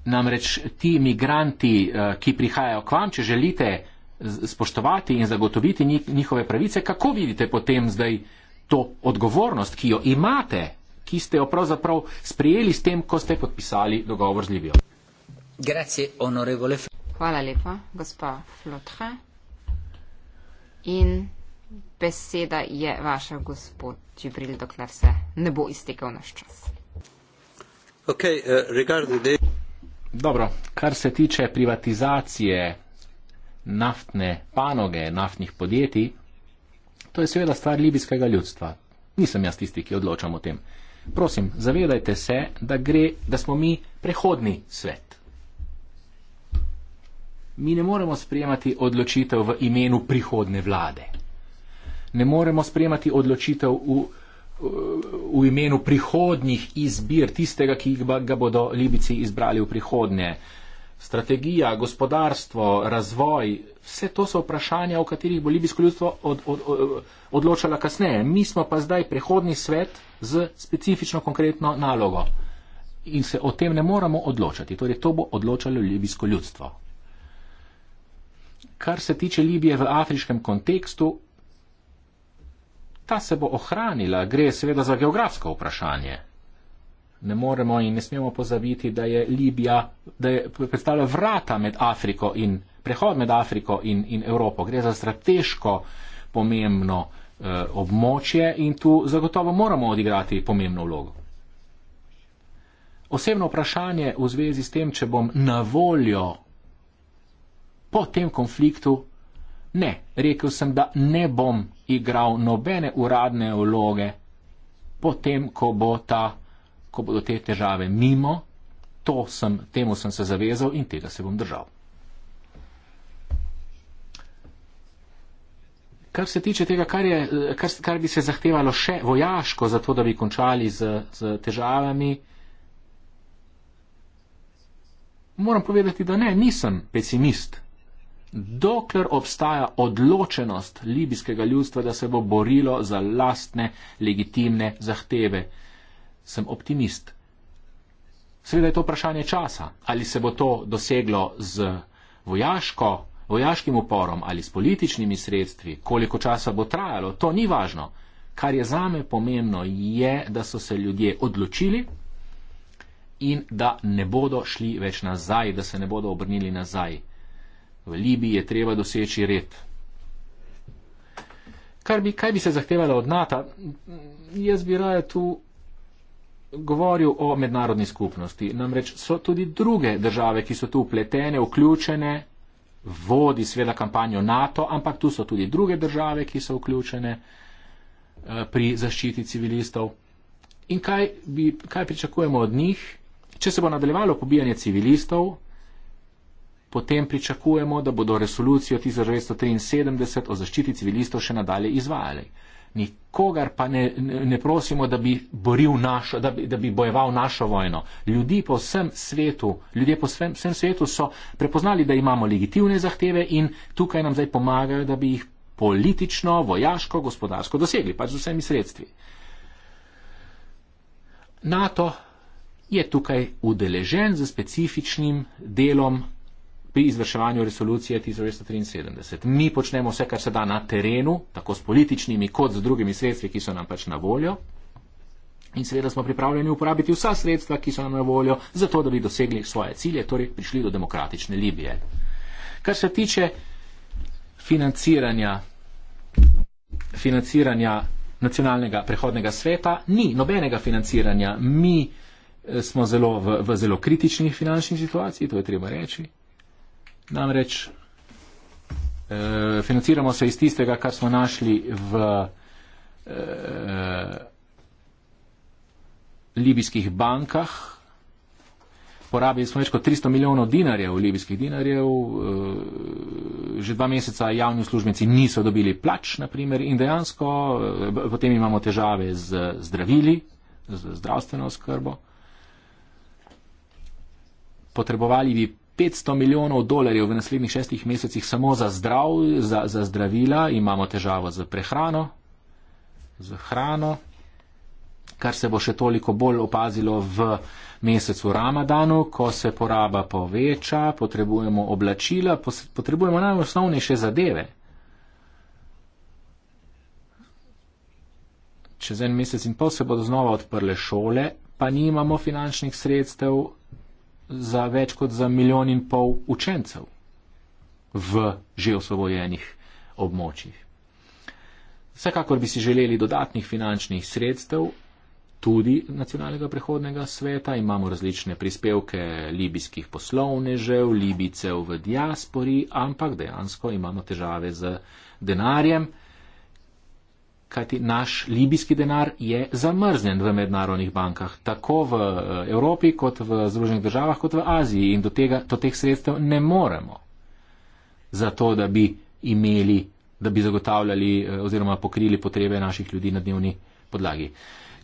Namreč ti imigranti, eh, ki prihajajo k vam, če želite spoštovati in zagotoviti njihove pravice, kako vidite potem zdaj to odgovornost, ki jo imate, ki ste jo pravzaprav sprijeli s tem, ko ste podpisali dogovor z Libijo? Hvala lepa, gospa Flotha. In beseda je vaša, gospod Džibril, dokler se ne bo iztekel naš čas. Okay, uh, Dobro, kar se tiče privatizacije naftne panoge, naftnih podjetij, to je seveda stvar libijskega ljudstva. Nisem jaz tisti, ki odločam o tem. Prosim, zavedajte se, da, gre, da smo mi prehodni svet. Mi ne moremo sprejemati odločitev v imenu prihodne vlade. Ne moremo sprejemati odločitev v v imenu prihodnjih izbir, tistega, ki ga bodo Libici izbrali v prihodnje. Strategija, gospodarstvo, razvoj, vse to so vprašanja, o katerih bo libijsko ljudstvo od, od, od, odločala kasneje. Mi smo pa zdaj prehodni svet z specifično konkretno nalogo in se o tem ne moramo odločati. Torej, to bo odločalo libijsko ljudstvo. Kar se tiče Libije v afriškem kontekstu, ta se bo ohranila, gre seveda za geografsko vprašanje. Ne moremo in ne smemo pozabiti, da je Libija, da je predstavlja vrata med Afriko in prehod med Afriko in, in Evropo. Gre za strateško pomembno eh, območje in tu zagotovo moramo odigrati pomembno vlogo. Osebno vprašanje v zvezi s tem, če bom na voljo po tem konfliktu Ne, rekel sem, da ne bom igral nobene uradne vloge, potem, ko, bo ta, ko bodo te težave mimo, to sem, temu sem se zavezal in tega se bom držal. Kar se tiče tega, kar, je, kar, kar bi se zahtevalo še vojaško, zato da bi končali z, z težavami, moram povedati, da ne, nisem pesimist dokler obstaja odločenost libijskega ljudstva, da se bo borilo za lastne legitimne zahteve. Sem optimist. Seveda je to vprašanje časa, ali se bo to doseglo z vojaško, vojaškim uporom ali s političnimi sredstvi, koliko časa bo trajalo, to ni važno. Kar je zame pomembno, je, da so se ljudje odločili in da ne bodo šli več nazaj, da se ne bodo obrnili nazaj. V Libiji je treba doseči red. Kar bi, kaj bi se zahtevalo od NATO? Jaz bi raje tu govoril o mednarodni skupnosti. Namreč so tudi druge države, ki so tu upletene, vključene, vodi sveda kampanjo NATO, ampak tu so tudi druge države, ki so vključene eh, pri zaščiti civilistov. In kaj, bi, kaj pričakujemo od njih? Če se bo nadaljevalo pobijanje civilistov, potem pričakujemo, da bodo resolucijo 1973 o zaščiti civilistov še nadalje izvajali. Nikogar pa ne, ne prosimo, da bi, našo, da, bi, da bi bojeval našo vojno. Ljudje po vsem svetu, ljudje po svem, vsem svetu so prepoznali, da imamo legitimne zahteve in tukaj nam zdaj pomagajo, da bi jih politično, vojaško, gospodarsko dosegli, pač z vsemi sredstvi. NATO je tukaj udeležen z specifičnim delom pri izvrševanju resolucije 1973. Mi počnemo vse, kar se da na terenu, tako s političnimi kot z drugimi sredstvi, ki so nam pač na voljo. In seveda smo pripravljeni uporabiti vsa sredstva, ki so nam na voljo, zato da bi dosegli svoje cilje, torej prišli do demokratične Libije. Kar se tiče financiranja, financiranja nacionalnega prehodnega sveta, ni nobenega financiranja. Mi eh, smo zelo v, v zelo kritičnih finančnih situacijah, to je treba reči. Namreč e, financiramo se iz tistega, kar smo našli v e, libijskih bankah. Porabili smo več kot 300 milijonov dinarjev, libijskih dinarjev. E, že dva meseca javni službenci niso dobili plač, naprimer, in dejansko e, potem imamo težave z zdravili, z zdravstveno oskrbo. Potrebovali bi 500 milijonov dolarjev v naslednjih šestih mesecih samo za, zdrav, za, za zdravila, imamo težavo z prehrano, z hrano, kar se bo še toliko bolj opazilo v mesecu Ramadanu, ko se poraba poveča, potrebujemo oblačila, potrebujemo najosnovnejše zadeve. Čez en mesec in pol se bodo znova odprle šole, pa nimamo finančnih sredstev za več kot za milijon in pol učencev v že osvobojenih območjih. Vsekakor bi si želeli dodatnih finančnih sredstev, tudi nacionalnega prehodnega sveta, imamo različne prispevke libijskih poslovnežev, libicev v diaspori, ampak dejansko imamo težave z denarjem kajti naš libijski denar je zamrznjen v mednarodnih bankah, tako v eh, Evropi, kot v Združenih državah, kot v Aziji in do, tega, do teh sredstev ne moremo. Zato, da bi imeli, da bi zagotavljali eh, oziroma pokrili potrebe naših ljudi na dnevni podlagi.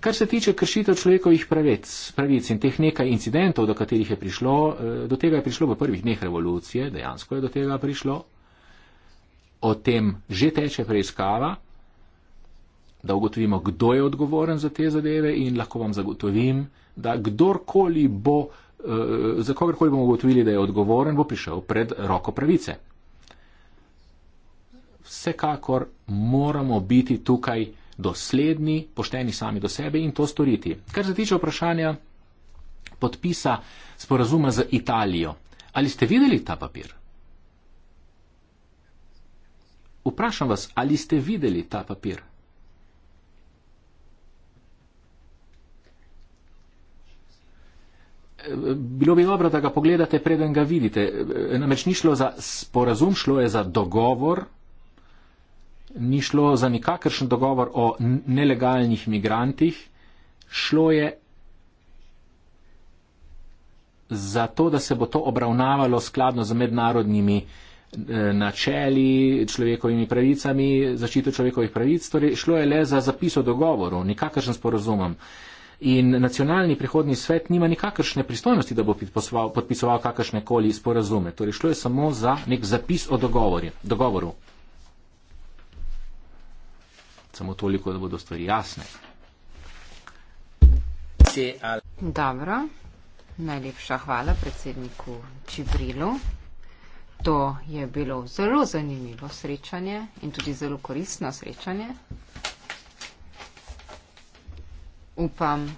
Kar se tiče kršitev človekovih pravic, pravic in teh nekaj incidentov, do katerih je prišlo, eh, do tega je prišlo v prvih dneh revolucije, dejansko je do tega prišlo, o tem že teče preiskava, da ugotovimo, kdo je odgovoren za te zadeve in lahko vam zagotovim, da kdorkoli bo, eh, za kogarkoli bomo ugotovili, da je odgovoren, bo prišel pred roko pravice. Vsekakor moramo biti tukaj dosledni, pošteni sami do sebe in to storiti. Kar se tiče vprašanja podpisa sporazuma z Italijo. Ali ste videli ta papir? Vprašam vas, ali ste videli ta papir? bilo bi dobro, da ga pogledate, preden ga vidite. Namreč ni šlo za sporazum, šlo je za dogovor, ni šlo za nikakršen dogovor o nelegalnih migrantih, šlo je za to, da se bo to obravnavalo skladno z mednarodnimi e, načeli, človekovimi pravicami, zaščito človekovih pravic, torej šlo je le za zapis o dogovoru, nikakršen sporazumom in nacionalni prihodni svet nima nikakršne pristojnosti, da bo podpisoval, podpisoval kakršne koli sporazume. Torej, šlo je samo za nek zapis o dogovoru. Samo toliko, da bodo stvari jasne. Dobro, najlepša hvala predsedniku Čibrilu. To je bilo zelo zanimivo srečanje in tudi zelo koristno srečanje upam,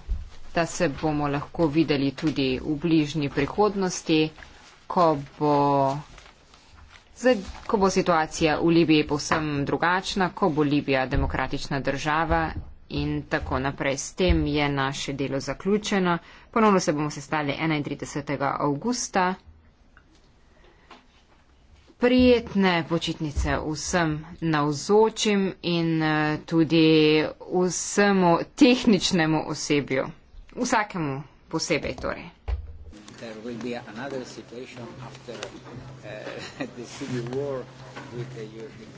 da se bomo lahko videli tudi v bližnji prihodnosti, ko bo, ko bo situacija v Libiji povsem drugačna, ko bo Libija demokratična država in tako naprej. S tem je naše delo zaključeno. Ponovno se bomo sestali 31. augusta prijetne počitnice vsem navzočim in eh, tudi vsemu tehničnemu osebju. Vsakemu posebej torej. There will be another situation after uh, the civil war with the European